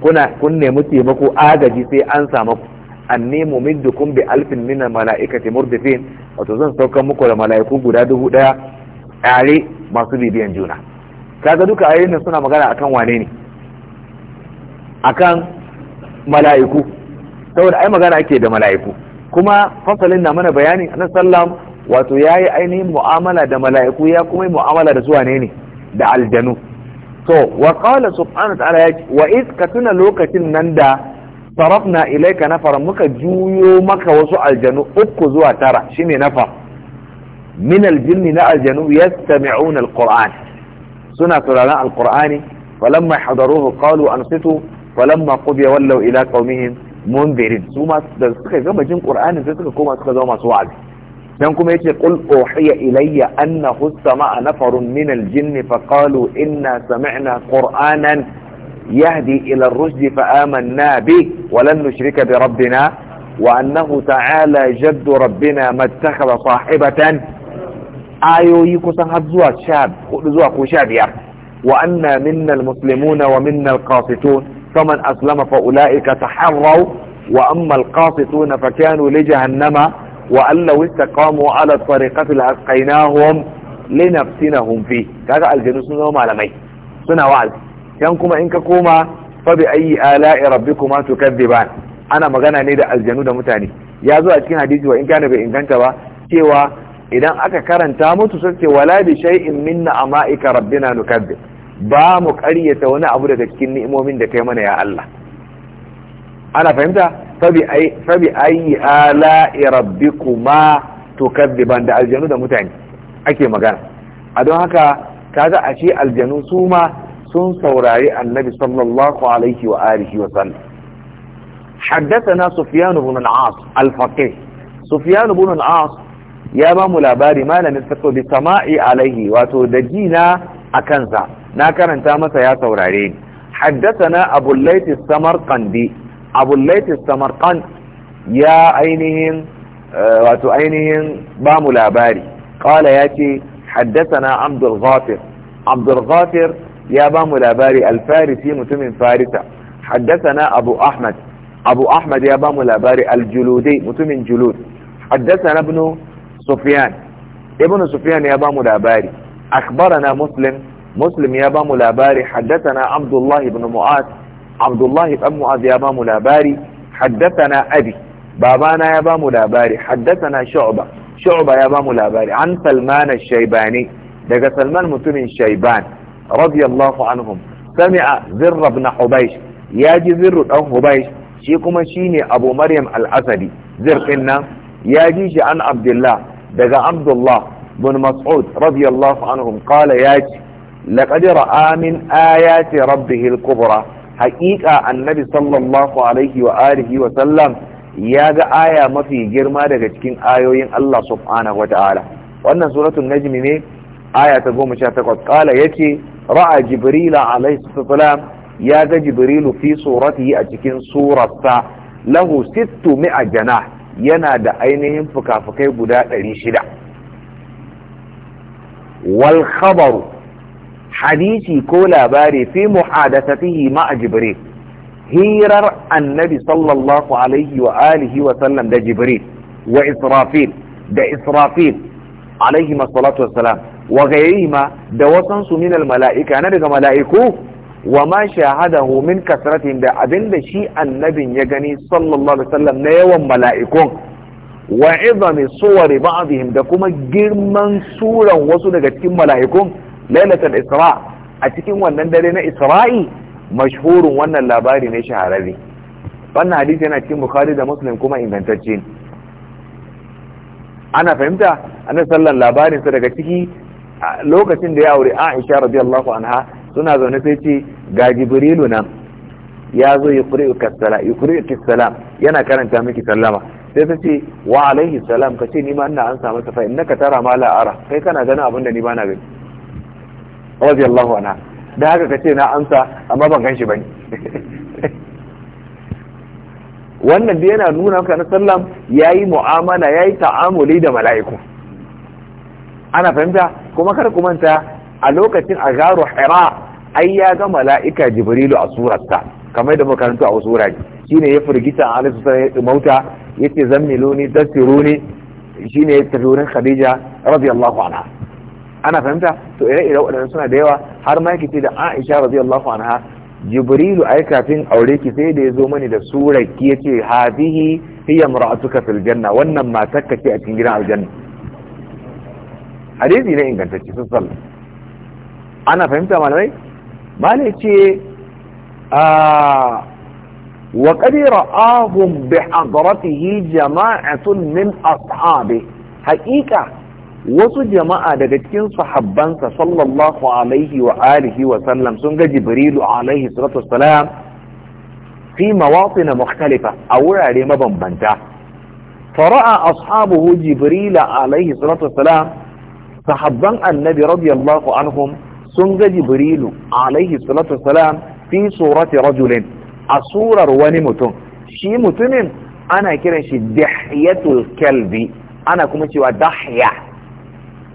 kuna kun nemi taimako agaji sai an samu ku anni mumiddukum bi alfin min malaikati murdifin wato zan saukar muku da mala'iku guda dubu daya tare masu bibiyan juna kaga duka ayoyin suna magana akan wane ne akan mala'iku saboda ai magana ake da mala'iku kuma fasalin na mana bayani na sallam wato ya yi ainihin mu'amala da mala'iku ya kuma yi mu'amala da zuwa ne ne da aljanu to wa qala subhanahu wa ta'ala ya wa iz ka tuna lokacin nan da sarafna ilayka nafar muka juyo maka wasu aljanu uku zuwa tara shine nafar min aljin na aljanu yastami'una alquran suna sauraron alqur'ani falamma hadaruhu qalu ansitu falamma qudiya wallaw ila qaumihim mundirin su ma da suka gama jin qur'anin sai suka koma suka zama masu wa'azi dan kuma yace qul uhiya ilayya annahu sama'a nafarun min al-jinn fa qalu inna sami'na qur'anan yahdi ila ar-rushd fa amanna bi wa lan nushrika bi rabbina wa annahu ta'ala jaddu rabbina mattakhadha sahibatan ayoyi kusan har zuwa 14 zuwa ko 15 wa anna minna al-muslimuna wa minna al-qasitun فمن أسلم فأولئك تحروا وأما القاسطون فكانوا لجهنم وأن لو استقاموا على الطريقة لأسقيناهم لنفتنهم فيه كذا الجنود سنه على سنة وعد ينكم ان كوما فبأي آلاء ربكما تكذبان أنا ما مغانا نيدا الجنود متاني يا زو أتكين حديث وإن كان بإن كانت با كيوا إذا أكا كارن تامو تسكي ولا بشيء من أمائك ربنا نكذب ba mu ƙaryata wani abu daga cikin ni'imomin da kai mana ya Allah ana fahimta fabi ayi ala rabbikuma tukaddiban da aljanu da mutane ake magana a don haka kaga a ce aljanu su ma sun saurari annabi sallallahu alaihi wa alihi wa sallam حدثنا سفيان بن العاص الفقيه سفيان بن العاص ya bamu labari malamin fito bi sama'i alaihi wato da jina a kansa na karanta masa ya saurare ni haddathana abu laiti samarqandi abu laiti samarqand ya ainihin wato ainihin ba mu labari qala yace haddathana abdul ghafir abdul ghafir ya ba mu labari al-farisi mutumin farisa haddathana abu ahmad abu ahmad ya ba mu labari al juludi mutumin julud haddathana ibnu sufyan ibnu sufyan ya ba mu labari akhbarana muslim muslim ya ba mu labari haddathana abdullah ibn mu'az abdullah ibn mu'az ya ba mu labari haddathana abi babana ya ba mu labari haddathana shu'ba shu'ba ya ba mu labari an salman ash-shaybani daga salman mutumin shayban radiyallahu anhum sami'a zirr ibn hubaysh ya ji zirru dan hubaysh shi kuma shine abu maryam al-asadi zirr din ya ji shi an abdullah daga abdullah bin mas'ud radiyallahu anhum qala ya ce laqad ra'a min ayati rabbih al-kubra haqiqa annabi sallallahu alaihi wa alihi wa sallam ya ga aya mafi girma daga cikin ayoyin Allah subhanahu wata'ala wannan suratul najm ne aya ta 18 qala yace ra'a jibril alaihi salam ya ga Jibrilu fi suratihi a cikin surarsa lahu sittu mi'a jana yana da ainihin fuka-fukai guda 600 wal hadisi ko labari fi muhadathatihi ma jibril hirar annabi sallallahu alaihi wa alihi wa sallam da jibril wa israfil da israfil alaihi salatu wassalam wa ma da wasansu min mala'ika na daga mala'iku wa ma shahadahu min kasratin da abinda shi annabin ya gani sallallahu alaihi wasallam na yawan mala'ikun wa izami suwari ba'dihim da kuma girman suran wasu daga cikin mala'ikun lailatul isra a cikin wannan dare na isra'i mashhurun wannan labari ne shahararre wannan hadisi yana cikin bukhari da muslim kuma ingantacce ana fahimta ana sallan labarin sa daga ciki lokacin da ya aure aisha radiyallahu anha suna zaune sai ce ga jibrilu nan ya zo yuqri'uka salam yana karanta miki sallama sai ta ce wa alaihi salam ka ce ni ma ina an samu safa innaka tara ma la ara kai kana ganin abin ni ba na gani radiyallahu anha da haka ka ce na amsa amma ban ganshi bane wannan da yana nuna maka na sallam yayi mu'amala yayi ta'amuli da mala'iku ana fahimta kuma kar ku manta a lokacin a garu hira ai ya ga mala'ika jibrilu a surarsa kamar da makarantu a wasu wurare shine ya firgita a alaihi sallam ya mauta yace zammiluni tasiruni shine ya tafi wurin khadija radiyallahu anha ana fahimta to ire-ire waɗannan suna da yawa har ma yake da Aisha radiyallahu anha Jibrilu ai kafin aure ki sai da ya zo mani da surar ki yace hadihi hiya imra'atuka fil janna wannan matar ka ce a cikin gidan aljanna hadisi ne ingantacce sun ana fahimta malamai malai ce a ah, wa qad ra'ahum bi hadratihi jama'atun min ashabi haqiqa wasu jama'a daga cikin sahabbansa sallallahu alaihi wa alihi wa sallam sun ga jibrilu alaihi salatu wassalam fi mawatin mukhtalifa a wurare mabambanta fara'a ashabuhu jibril alaihi salatu wassalam sahabban annabi radiyallahu anhum sun ga jibrilu alaihi salatu wassalam fi surati rajulin a surar wani mutum shi mutumin ana kiran shi dahyatul kalbi ana kuma cewa dahya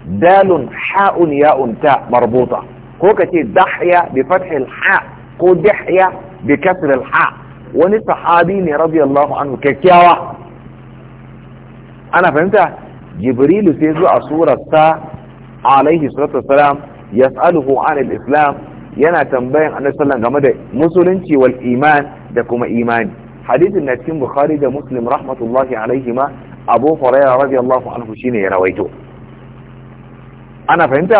دال حاء ياء تاء مربوطة هو كتير دحية بفتح الحاء هو دحية بكسر الحاء ونصحابيني رضي الله عنه ككيوة أنا فهمت جبريل سيزو أصورة تاء عليه الصلاة والسلام يسأله عن الإسلام ينا تنبين أن صلى الله عليه وسلم مسلنتي والإيمان دكما إيمان حديث النتيم بخارج مسلم رحمة الله عليهما أبو فريرة رضي الله عنه شيني رويته ana fahimta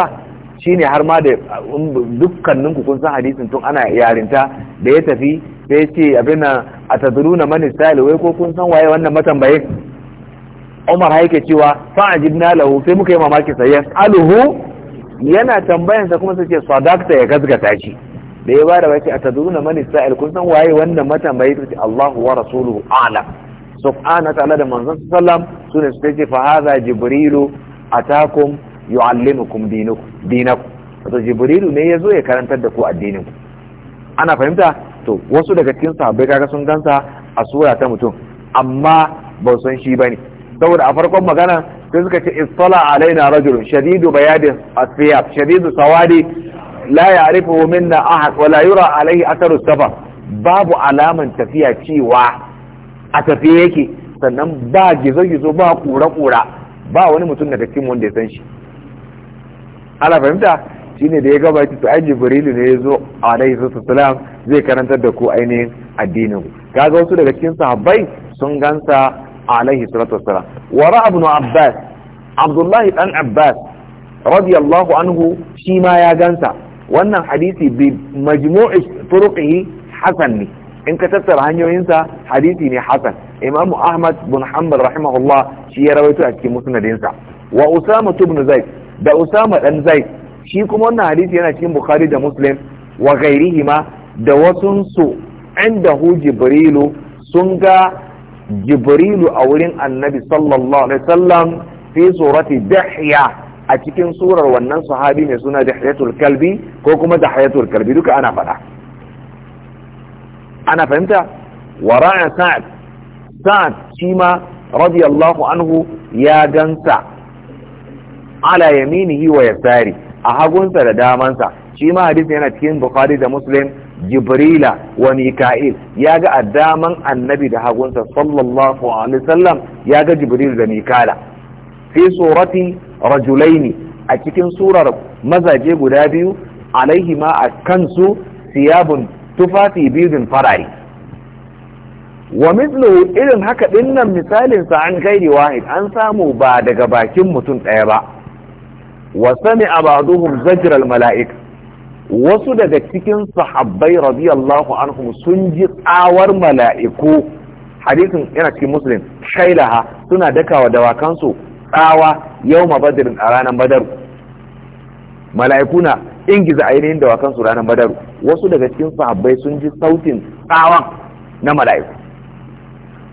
shine har ma da um, dukkanin ku kun san hadisin tun ana yarinta da ya tafi da ya ce abin nan a tadruna man istali wai ko kun san waye wannan matambayin Umar haike cewa fa'ajibna lahu sai muka yi mamaki sai Aluhu yana tambayansa kuma sai ce sadaqta ya gazgata shi da ya bada wace a tazuru na mani istali kun san waye wannan matambayi sai Allahu wa rasuluhu ala subhanahu wa ta'ala da manzon sallam sune sai ce fa hadha jibrilu atakum yu'allimukum dinakum dinakum wato jibrilu ne yazo ya karantar da ku addinin ku ana fahimta to wasu daga cikin sahabbai kaga sun gansa a sura ta mutum amma ba san shi bane saboda a farkon magana sai suka ce istala alaina rajul shadidu bayadi asfiyab shadidu sawadi la ya'rifu minna ahad wa la yura alayhi atharu safa babu alaman tafiya cewa a tafiye yake sannan ba gizo-gizo ba kura-kura ba wani mutum daga cikin wanda ya san shi ana fahimta shine da ya gabata to ai jibrilu ne ya zo alaihi salam zai karantar da ku ainihin addinin ku kaga wasu daga cikin sahabbai sun gansa alaihi salatu wassalam wa ibn abbas abdullahi dan abbas radiyallahu anhu shi ma ya gansa wannan hadisi bi majmu'i turuqihi hasan ne in ka tattara hanyoyinsa hadisi ne hasan imam ahmad bin hanbal rahimahullah shi ya rawaito a cikin musnadinsa wa usama ibn zaid da Usama dan Zaid shi kuma wannan hadisi yana cikin Bukhari da Muslim wa ghairihima da wasunsu hu Jibrilu sun ga Jibrilu a wurin Annabi sallallahu alaihi wasallam fi surati Dahya a cikin surar wannan sahabi mai suna Dahyatul Kalbi ko kuma Dahyatul Kalbi duka ana faɗa ana fahimta wa ra'a Sa'ad Sa'ad shi ma radiyallahu anhu ya gansa ala yaminihi wa yasari a hagunsa da damansa shi ma hadisi yana cikin bukhari da muslim jibrila wa mika'il ya ga a daman annabi da hagunsa sallallahu alaihi wasallam ya ga jibril da mika'ila fi surati rajulaini a cikin surar mazaje guda biyu alaihi ma a kansu siyabun tufafi biyun farari wa mislu irin haka dinnan misalin sa an gairi wahid an samu ba daga bakin mutum ɗaya ba wa sami abaduhum zajral mala'ika wasu daga cikin sahabbai radiyallahu anhum sun ji tsawar mala'iku hadisin yana cikin muslim shailaha suna dakawa dawakansu tsawa yau mabadirin a ranar badaru mala'iku na ingiza ainihin dawakansu ranar badaru wasu daga cikin sahabbai sun ji sautin tsawan na mala'iku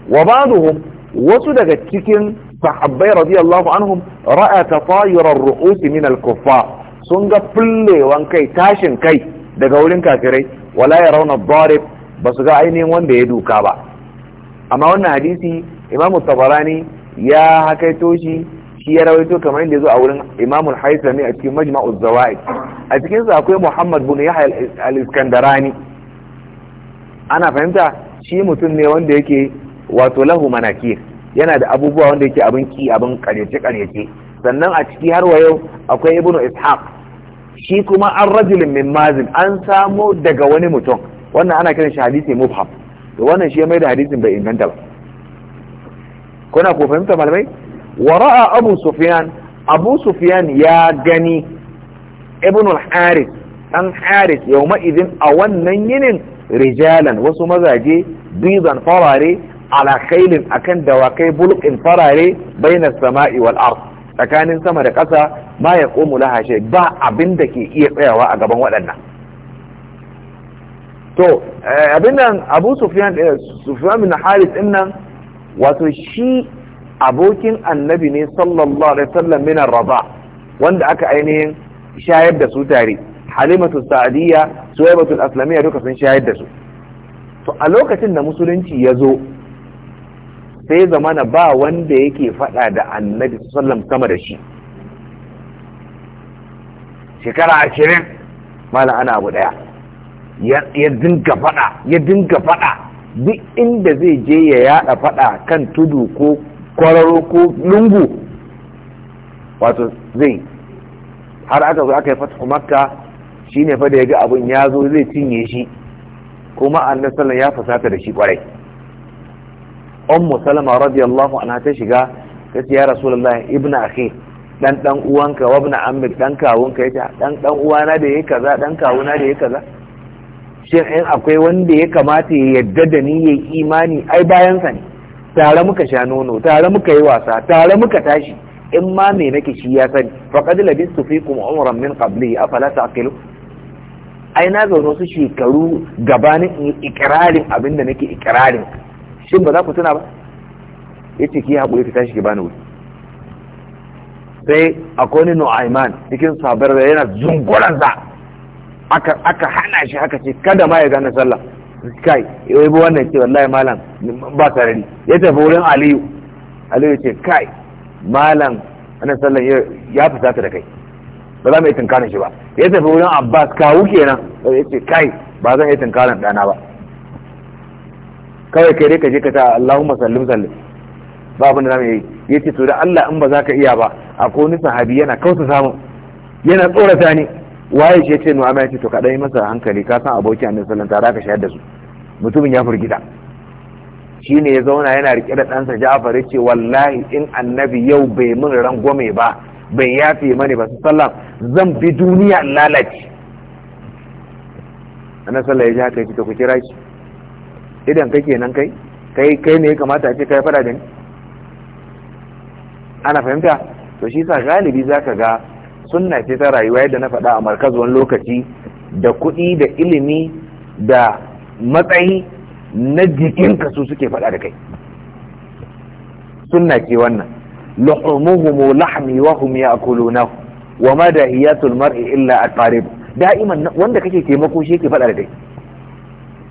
wa baduhum wasu daga cikin sahabbai radiyallahu anhum ra'a tatayurar ru'usi min al-kuffar sun ga fullewan kai tashin kai daga wurin kafirai wala ya rauna darib ba su ga ainihin wanda ya duka ba amma wannan hadisi imamu tabarani ya hakaito shi shi ya rawaito kamar yadda ya zo a wurin imamu haisami a cikin majma'u zawaid a cikin sa akwai muhammad bin yahya al-iskandarani ana fahimta shi mutum ne wanda yake wato lahu manakir yana da abubuwa wanda yake abin ki abin karyace karyace sannan a ciki har wa yau akwai ibnu ishaq shi kuma an rajulin min mazin an samo daga wani mutum wannan ana kiran shi hadisi mubham to wannan shi ya mai da hadisin bai inganta ba kuna ko fahimta malamai wa ra'a abu sufyan abu sufyan ya gani ibnu Haris, harith dan harith yawma idin a wannan yinin rijalan wasu mazaje bizan farare ala khailin akan dawakai bulqin farare baina sama'i wal ard tsakanin sama da ƙasa ma ya komu laha ba abin da ke iya tsayawa a gaban waɗannan to eh, abin nan Abu Sufyan eh, Sufyan bin Harith din nan wato shi abokin annabi ne sallallahu alaihi wasallam min ar wanda aka ainihin shayar da su tare halimatu sa'adiyya suwaibatu aslamiyya duka sun shayar da su to a lokacin da musulunci ya zo sai zamana ba wanda yake faɗa da annabi sallam sama da shi shekara ashirin malam ana abu ɗaya ya dinga faɗa ya dinga faɗa duk inda zai je ya yaɗa faɗa kan tudu ko kwararo ko lungu wato zai har aka zo aka yi fata makka shine fa da ya ga abin ya zo zai cinye shi kuma annabi sallam ya fasata da shi kwarai ummu salama radiyallahu anha ta shiga ta ce ya rasulullahi Ibn akhi dan dan uwanka wa ibnu ammik dan kawunka yace dan dan uwana da yake kaza dan kawuna da yake kaza shin in akwai wanda ya kamata ya yadda da ni yayi imani ai bayan sa ne tare muka sha nono tare muka yi wasa tare muka tashi in ma me nake shi ya sani faqad labistu fikum umran min qabli afala taqilu ai na zaune wasu shekaru gabanin in yi ikirarin abinda nake ikirarin shin ba za ku tuna ba ya ce ki haƙuri ki tashi ki bani wuri sai akwai ni nu'aiman cikin sabar da yana zunguransa aka hana shi aka ce kada ma ya gane sallah kai yayi bi wannan ce wallahi malam ba tarari ya tafi wurin aliyu aliyu ce kai malam ana sallan ya fusata da kai ba za mu yi tunkarin shi ba ya tafi wurin abbas kawu kenan ya ce kai ba zan yi tunkarin dana ba kawai kai dai ka je ka ta Allahumma sallim sallim ba abin da zamu yi yace to da Allah in ba za ka iya ba akwai wani sahabi yana kausa samu yana tsorata ni waye shi yace no amma yace to ka dai masa hankali ka san aboki annabi sallallahu alaihi wasallam tare ka da su mutumin ya furgida ne ya zauna yana rike da ɗansa Ja'far yace wallahi in annabi yau bai min rangwame ba bai yafe mani ba sallam zan bi duniya lalace annabi sallallahu alaihi wasallam ya ji haka yace to ku kira shi idan ka kenan kai kai kai ne ya kamata a ce kai fada da ana fahimta to shi sa galibi zaka ga sunna ce ta rayuwa yadda na faɗa a markaz wani lokaci da kuɗi da ilimi da matsayi na jikinka su suke faɗa da kai sunna ce wannan luhumuhum lahmi wa hum ya'kuluna wa ma dahiyatul mar'i illa at-tarib da'iman wanda kake taimako shi yake faɗa da kai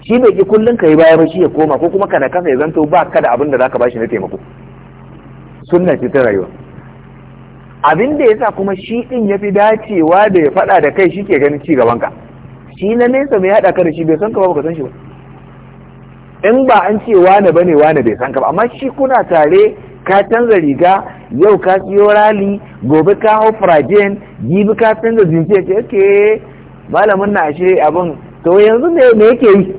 shi bai ki kullun kai baya ba shi ya koma ko kuma kana kasa ya zanto ba ka da abin da zaka bashi na taimako sunna ce ta rayuwa abin da yasa kuma shi din yafi dacewa da ya faɗa da kai shi ke ganin ci gaban ka shi na nesa mai haɗa ka da shi bai san ka ba baka san shi ba in ba an ce wane bane wane bai san ka ba amma shi kuna tare ka canza riga yau ka siyo rali gobe ka hau frajen jibi ka canza zinke ce ke malamin na ashe abin to yanzu me yake yi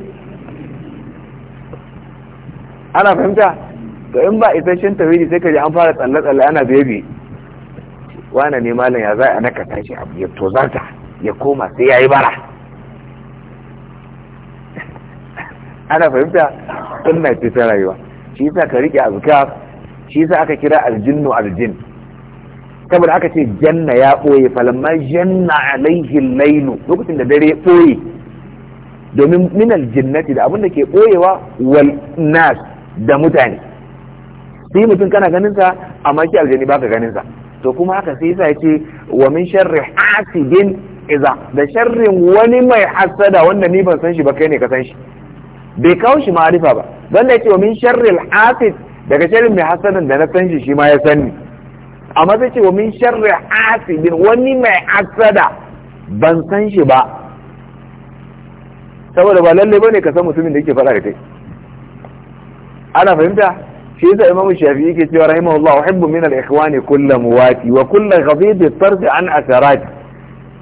ana fahimta to in ba isasshen tawhidi sai ka an fara tsalle tsalle ana bebe wane ne malam ya za a naka tashi abu ya tozarta ya koma sai ya yi bara ana fahimta na ce ta rayuwa shi yasa ka rike azkar shi yasa aka kira aljinnu aljin saboda aka ce janna ya ɓoye falamma janna alaihi lailu lokacin da dare ɓoye domin min aljinnati da abin da ke ɓoyewa wal nas da mutane sai mutum kana ganin sa amma shi aljani baka ganin sa to kuma haka sai yasa yace wa min sharri hasidin iza da sharrin wani mai hasada wanda ni ban san shi ba kai ne ka san shi bai kawo shi ma'arifa ba dan da yace wa min sharri hasid daga sharrin mai hasadan da na san shi shi ma ya san ni amma zai ce wa min sharri hasidin wani mai hasada ban san shi ba saboda ba lalle bane ka san mutumin da yake fara da kai أنا فهمتها في إذا إمام الشافعي كتير رحمه الله أحب من الإخوان كل مواتي وكل غضيض الطرد عن أثراتي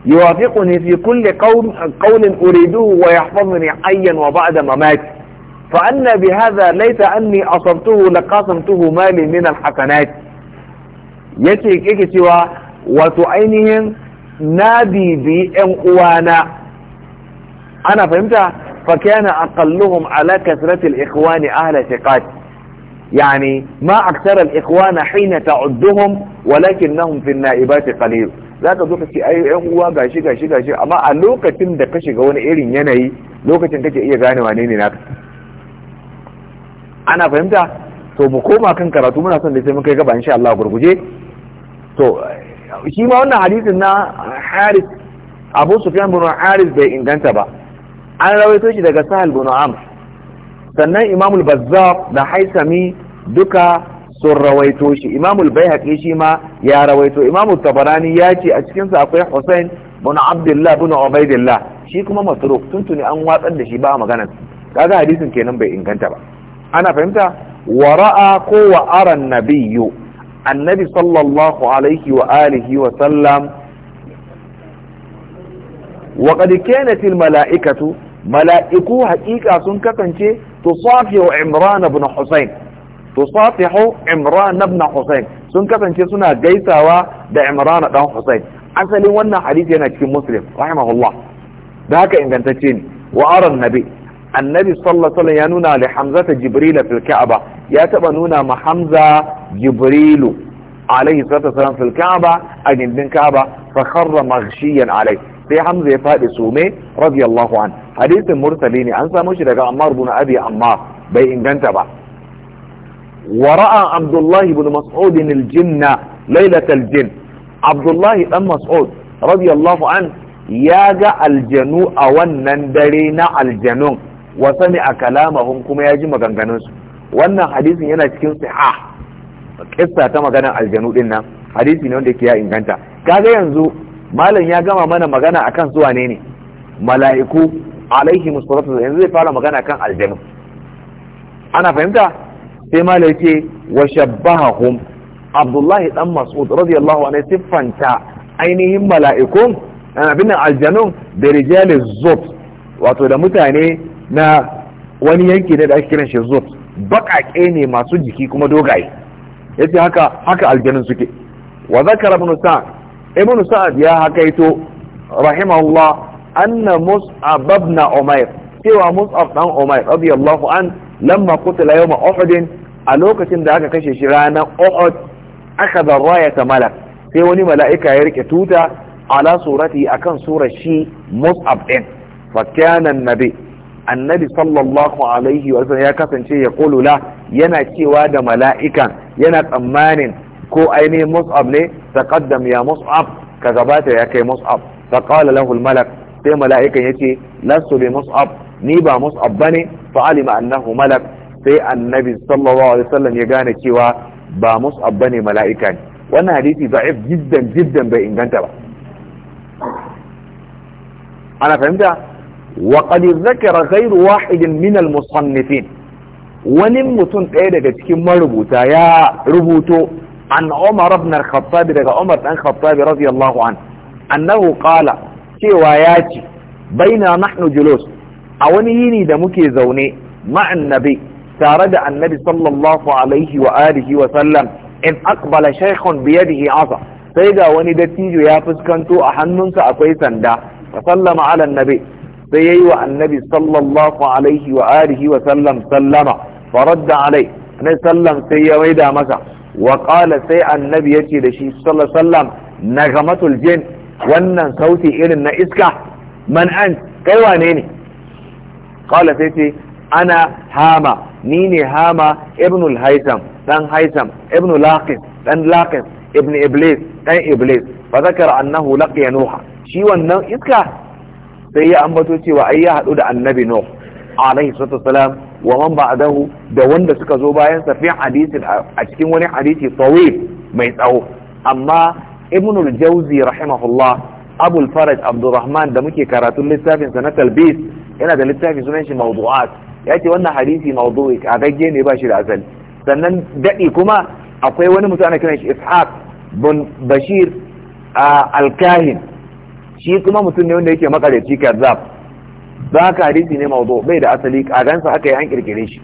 يوافقني في كل قول, قول أريده ويحفظني حيا وبعد مماتي فأنا بهذا ليس أني أصبته لقاسمته مالي من الحسنات يتيك إكتوى وتعينهم نادي بي أنا فهمتها فكان أقلهم على كثرة الإخوان أهل ثقات يعني ما أكثر الإخوان حين تعدهم ولكنهم في النائبات قليل ذاك دوك سي أي أغوى غاشي غاشي غاشي أما ألوك تم دكشي غون إيرين يني لوك تم دكشي إيه غاني وانيني ناك أنا فهمت تو مكوما كن كراتو من أصلا لسي مكي إن شاء الله برغجي تو شيما ونا حديثنا حارس أبو سفيان بن حارس بإنغانتا بقى an rawaito shi daga sahal bin amr sannan imamul bazzar da haisami duka sun rawaito shi imamul baihaqi shi ma ya rawaito imamu tabarani ya ce a cikinsa akwai hussein bin abdullah bin ubaidillah shi kuma masruk tuntuni an watsar da shi ba magana kaga hadisin kenan bai inganta ba ana fahimta wa ra'a ko wa ara nabiyyu annabi sallallahu alaihi wa alihi wa sallam wa qad kanat mala'ikatu mala'iku haƙiƙa sun kasance tusafihu imran ibn husayn tusafihu imran ibn husayn sun kasance suna gaisawa da imran dan Hussein asalin wannan hadisi yana cikin muslim rahimahullah da haka ingantacce ne wa aran nabi annabi sallallahu ya nuna li hamzata jibril fil ka'aba ya taba nuna ma hamza jibrilu alaihi salatu wasalam fil ka'aba a gindin ka'aba fa kharra maghshiyan alaihi sai hamza ya faɗi sume radiyallahu an hadisin mursali ne an samu shi daga ammar ibn abi ammar bai inganta ba wara'a abdullahi ibn mas'ud al-jinna lailatal jin abdullahi dan mas'ud radiyallahu an ya ga aljanu a wannan dare na aljanun wa sami a kalamahum kuma ya ji maganganunsu wannan hadisin yana cikin sahih kissa ta maganar aljanu din nan hadisi ne wanda yake ya inganta kaga yanzu malam ya gama mana magana akan zuwa ne ne mala'iku alaihi musallatu yanzu zai fara magana kan aljanu ana fahimta sai malam yace wa shabbahum abdullahi dan mas'ud radiyallahu anhu siffanta ainihin mala'ikun eh, abin aljanun da rijali zot wato da mutane na wani yanki ne da ake kiran shi zot baƙaƙe ne masu jiki kuma dogaye yace haka haka aljanun suke wa zakara ibn sa'd ibn sa'ad ya hakaito rahimahullah anna mus'ab ibn umair cewa mus'ab dan umair radiyallahu an lamma qutila yawm uhud a lokacin da aka kashe shi ranar uhud aka da ta malak sai wani mala'ika ya rike tuta ala surati akan surar shi mus'ab din fa kana annabi annabi sallallahu alaihi wa sallam ya kasance ya qulu la yana cewa da mala'ikan yana tsammanin ko ainihin mus'ab ne kaddam ya mus'ab ka gabata ya kai mus'ab fa qala lahu al malak sai mala'ikan yace lastu bi mus'ab ni ba mus'ab bane fa alima annahu malak sai annabi sallallahu alaihi wasallam ya gane cewa ba mus'ab bane mala'ika ne wannan hadisi da'if jiddan jiddan bai inganta ba ana fahimta wa qad dhakara ghayru wahidin min al musannifin wani mutum ɗaya daga cikin marubuta ya rubuto an Umar ibn al-Khattab daga Umar dan Khattab radiyallahu an annahu qala cewa ya ci baina nahnu julus a wani yini da muke zaune ma'an tare da annabi sallallahu alaihi wa alihi wa sallam in aqbala shaykhun bi yadihi asa sai ga wani dattijo ya fuskanto a hannunsa akwai sanda fa sallama ala sai yayi wa annabi sallallahu wa wa faradda alai annabi sai ya maida masa wa sai annabi yace da shi sallallahu alaihi wasallam wannan sauti irin na iska man an kai wane ne qala sai ce ana hama ni ne hama ibnul ɗan dan haisam ibnu laqis dan laqis ibn iblis dan iblis fa zakara annahu laqiya nuha shi wannan iska sai ya ambato cewa ai ya hadu da annabi nuh alaihi salatu wasalam wa man ba'dahu da wanda suka zo bayan sa fi hadisin a cikin wani hadisi tawil mai tsawo amma Ibnul jawzi rahimahullah abul faraj abdurrahman da muke karatun littafin sa na talbis yana da littafin sunan shi mawdu'at yace wannan hadisi mawdu'i kagagge ne ba shi da asali sannan dadi kuma akwai wani mutum ana kiran shi ishaq bin bashir al-kahin shi kuma mutum ne wanda yake makareci kazzab Zaka hadisi ne mawdu bai da asali kagansa aka yi an kirkire shi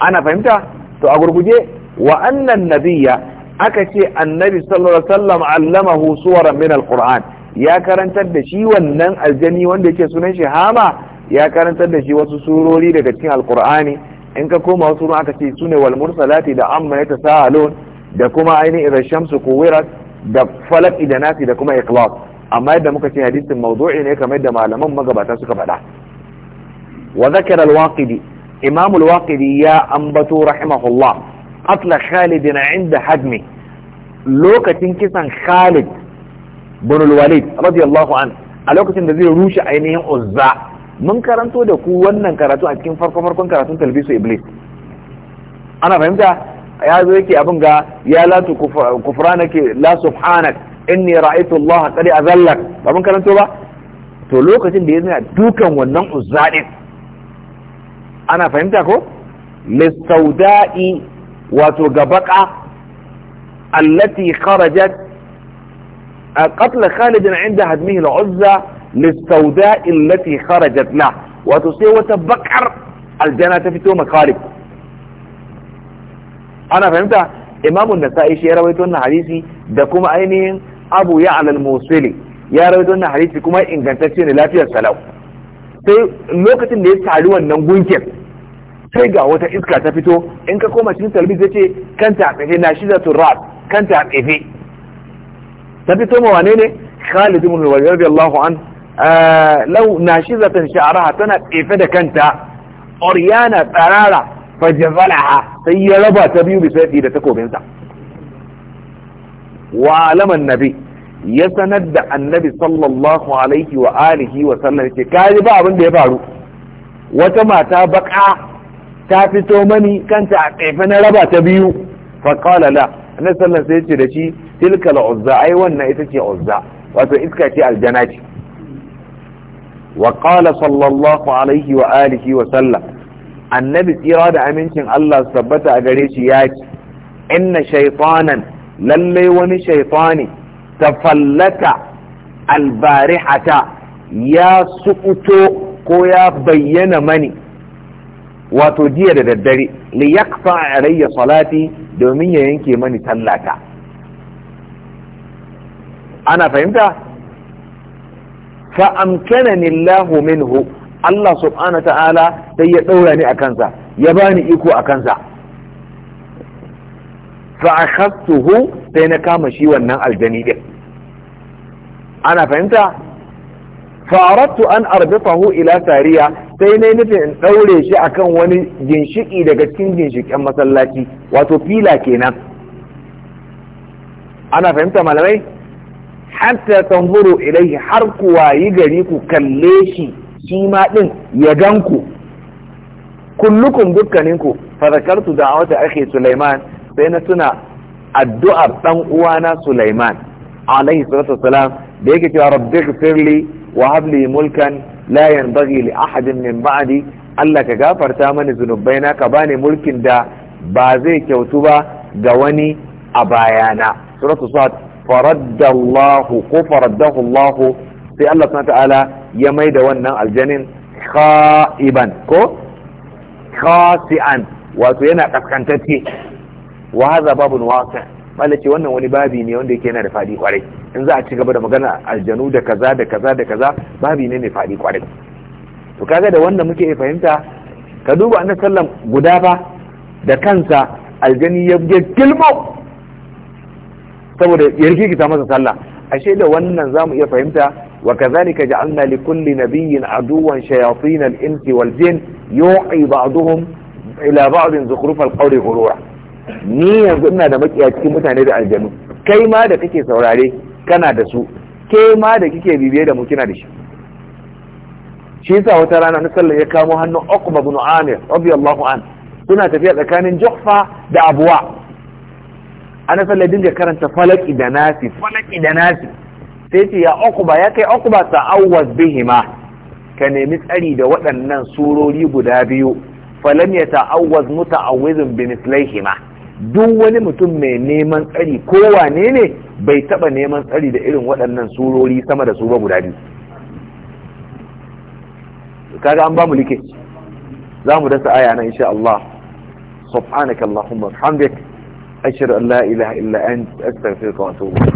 ana fahimta to a gurguje wa annan Nabiya aka ce annabi sallallahu alaihi wasallam allamahu suwaran min alquran ya karantar da shi wannan aljani wanda yake sunan shi hama ya karantar da shi wasu surori daga cikin alqur'ani in ka koma wasu aka ce sune wal mursalati da amma yatasahalun da kuma ainihin idan shamsu kuwirat da falak Idanasi nasi da kuma ikhlas amma yadda muka ce hadisin mawdu'i ne kamar yadda malaman magabata suka faɗa wa zakara al-waqidi imam al-waqidi ya ambato rahimahullah qatla khalid inda hadmi lokacin kisan khalid bin al-walid radiyallahu an a lokacin da zai rushe ainihin uzza mun karanto da ku wannan karatu a cikin farko farkon karatun talbisu iblis ana fahimta ya zo yake abin ga ya la kufranake la subhanak inni ra'aytu Allah qad azallak ba mun karanto ba to lokacin da yana dukan wannan uzadin ana fahimta ko lisauda'i wato ga baka allati kharajat qatl Khalid inda hadmihi al-uzza lisauda'i allati kharajat la wato sai wata bakar aljana ta fito ma Khalid ana fahimta imamun da sa'i shi rawaito wannan hadisi da kuma ainihin abu ya alal musuli ya rawaito wannan hadisi kuma ingantacce ne lafiyar salau sai lokacin da ya sari wannan gunkin sai ga wata iska ta fito in ka koma cikin talbi zai ce kanta a tsaye na shida turat kanta a tsefe ta fito ma wane ne Khalid ibn Walid radiyallahu an ah, law nashizatan tana tsefe da kanta Oryana tsarara fajazalaha sai ya raba ta biyu bisa da takobinsa wa alaman nabi ya sanar da annabi sallallahu alaihi wa wa sallam ce kaji ba abin da ya faru wata mata baƙa ta fito mani kanta a kaifa na raba ta biyu fa la annabi sallallahu alaihi ce da shi tilka uzza ai ita ce uzza wato iska ce aljana ce wa sallallahu alaihi wa annabi tsira da amincin Allah tabbata a gare shi ya ce inna shaytanan Lallai wani shaitani tafallata albarihata ya sukuto ko ya bayyana mani wato jiya da daddare li yakfa alayya salati domin ya yanke mani tallata ana fahimta fa amkanani Allah minhu Allah subhanahu ta'ala sai ya ɗaura ni a kansa ya bani iko a kansa fa sai na kama shi wannan aljani din ana fahimta fa aradtu an arbitahu ila sariya sai na nufi in daure shi akan wani ginshiki daga cikin ginshiken masallaci wato fila kenan ana fahimta malamai hatta tanzuru ilaihi har ku wayi gari ku kalle shi shi ma din ya ganku kullukum dukkaninku fa zakartu da'awata akhi Sulaiman sai na tuna addu'ar dan uwana Sulaiman alaihi salatu wassalam da yake cewa rabbi firli wa habli mulkan la yanbaghi li ahadin min ba'di Allah ka gafarta mani zunubaina ka bani mulkin da ba zai kyautu ba ga wani a bayana suratu sad faradallahu ko faraddahu Allah sai Allah subhanahu ta'ala ya mai da wannan aljanin kha'iban ko khasi'an wato yana kaskantacce wa babu babun waqi malaki wannan wani babi ne wanda yake yana da fadi kwarai in za a ci gaba da magana aljanu da kaza da kaza da kaza babi ne mai fadi kwarai to kaga da wannan muke fahimta ka duba annabi sallam guda ba da kansa aljani ya gilmo saboda ya rikikita masa sallah ashe da wannan zamu iya fahimta wa kazalika ja'alna li kulli nabiyyin aduwan shayatin al-insi wal jin yu'i ba'dhum ila ba'din zukhruf al-qawli ghurura ni yanzu ina da makiya cikin mutane da aljanu kai ma da kake saurare kana da su ke ma da kike bibiye da mu kina da shi shi yasa wata rana na sallah ya kamo hannun Uqba ibn Amir radiyallahu an suna tafiya tsakanin Juhfa da Abuwa ana sallah dinga karanta falaki da nasi falaki da nasi sai ce ya Uqba ya kai Uqba ta'awwaz bihima ka nemi tsari da waɗannan surori guda biyu falam ya ta'awwaz muta'awwizun bi mislaihima duk wani mutum mai neman tsari ko wane ne bai taba neman tsari da irin waɗannan surori sama da su ba guda biyu kaga an ba mu like za mu dasa aya na insha Allah subhanaka allahumma hamdik ashhadu an la ilaha illa anta astaghfiruka wa atubu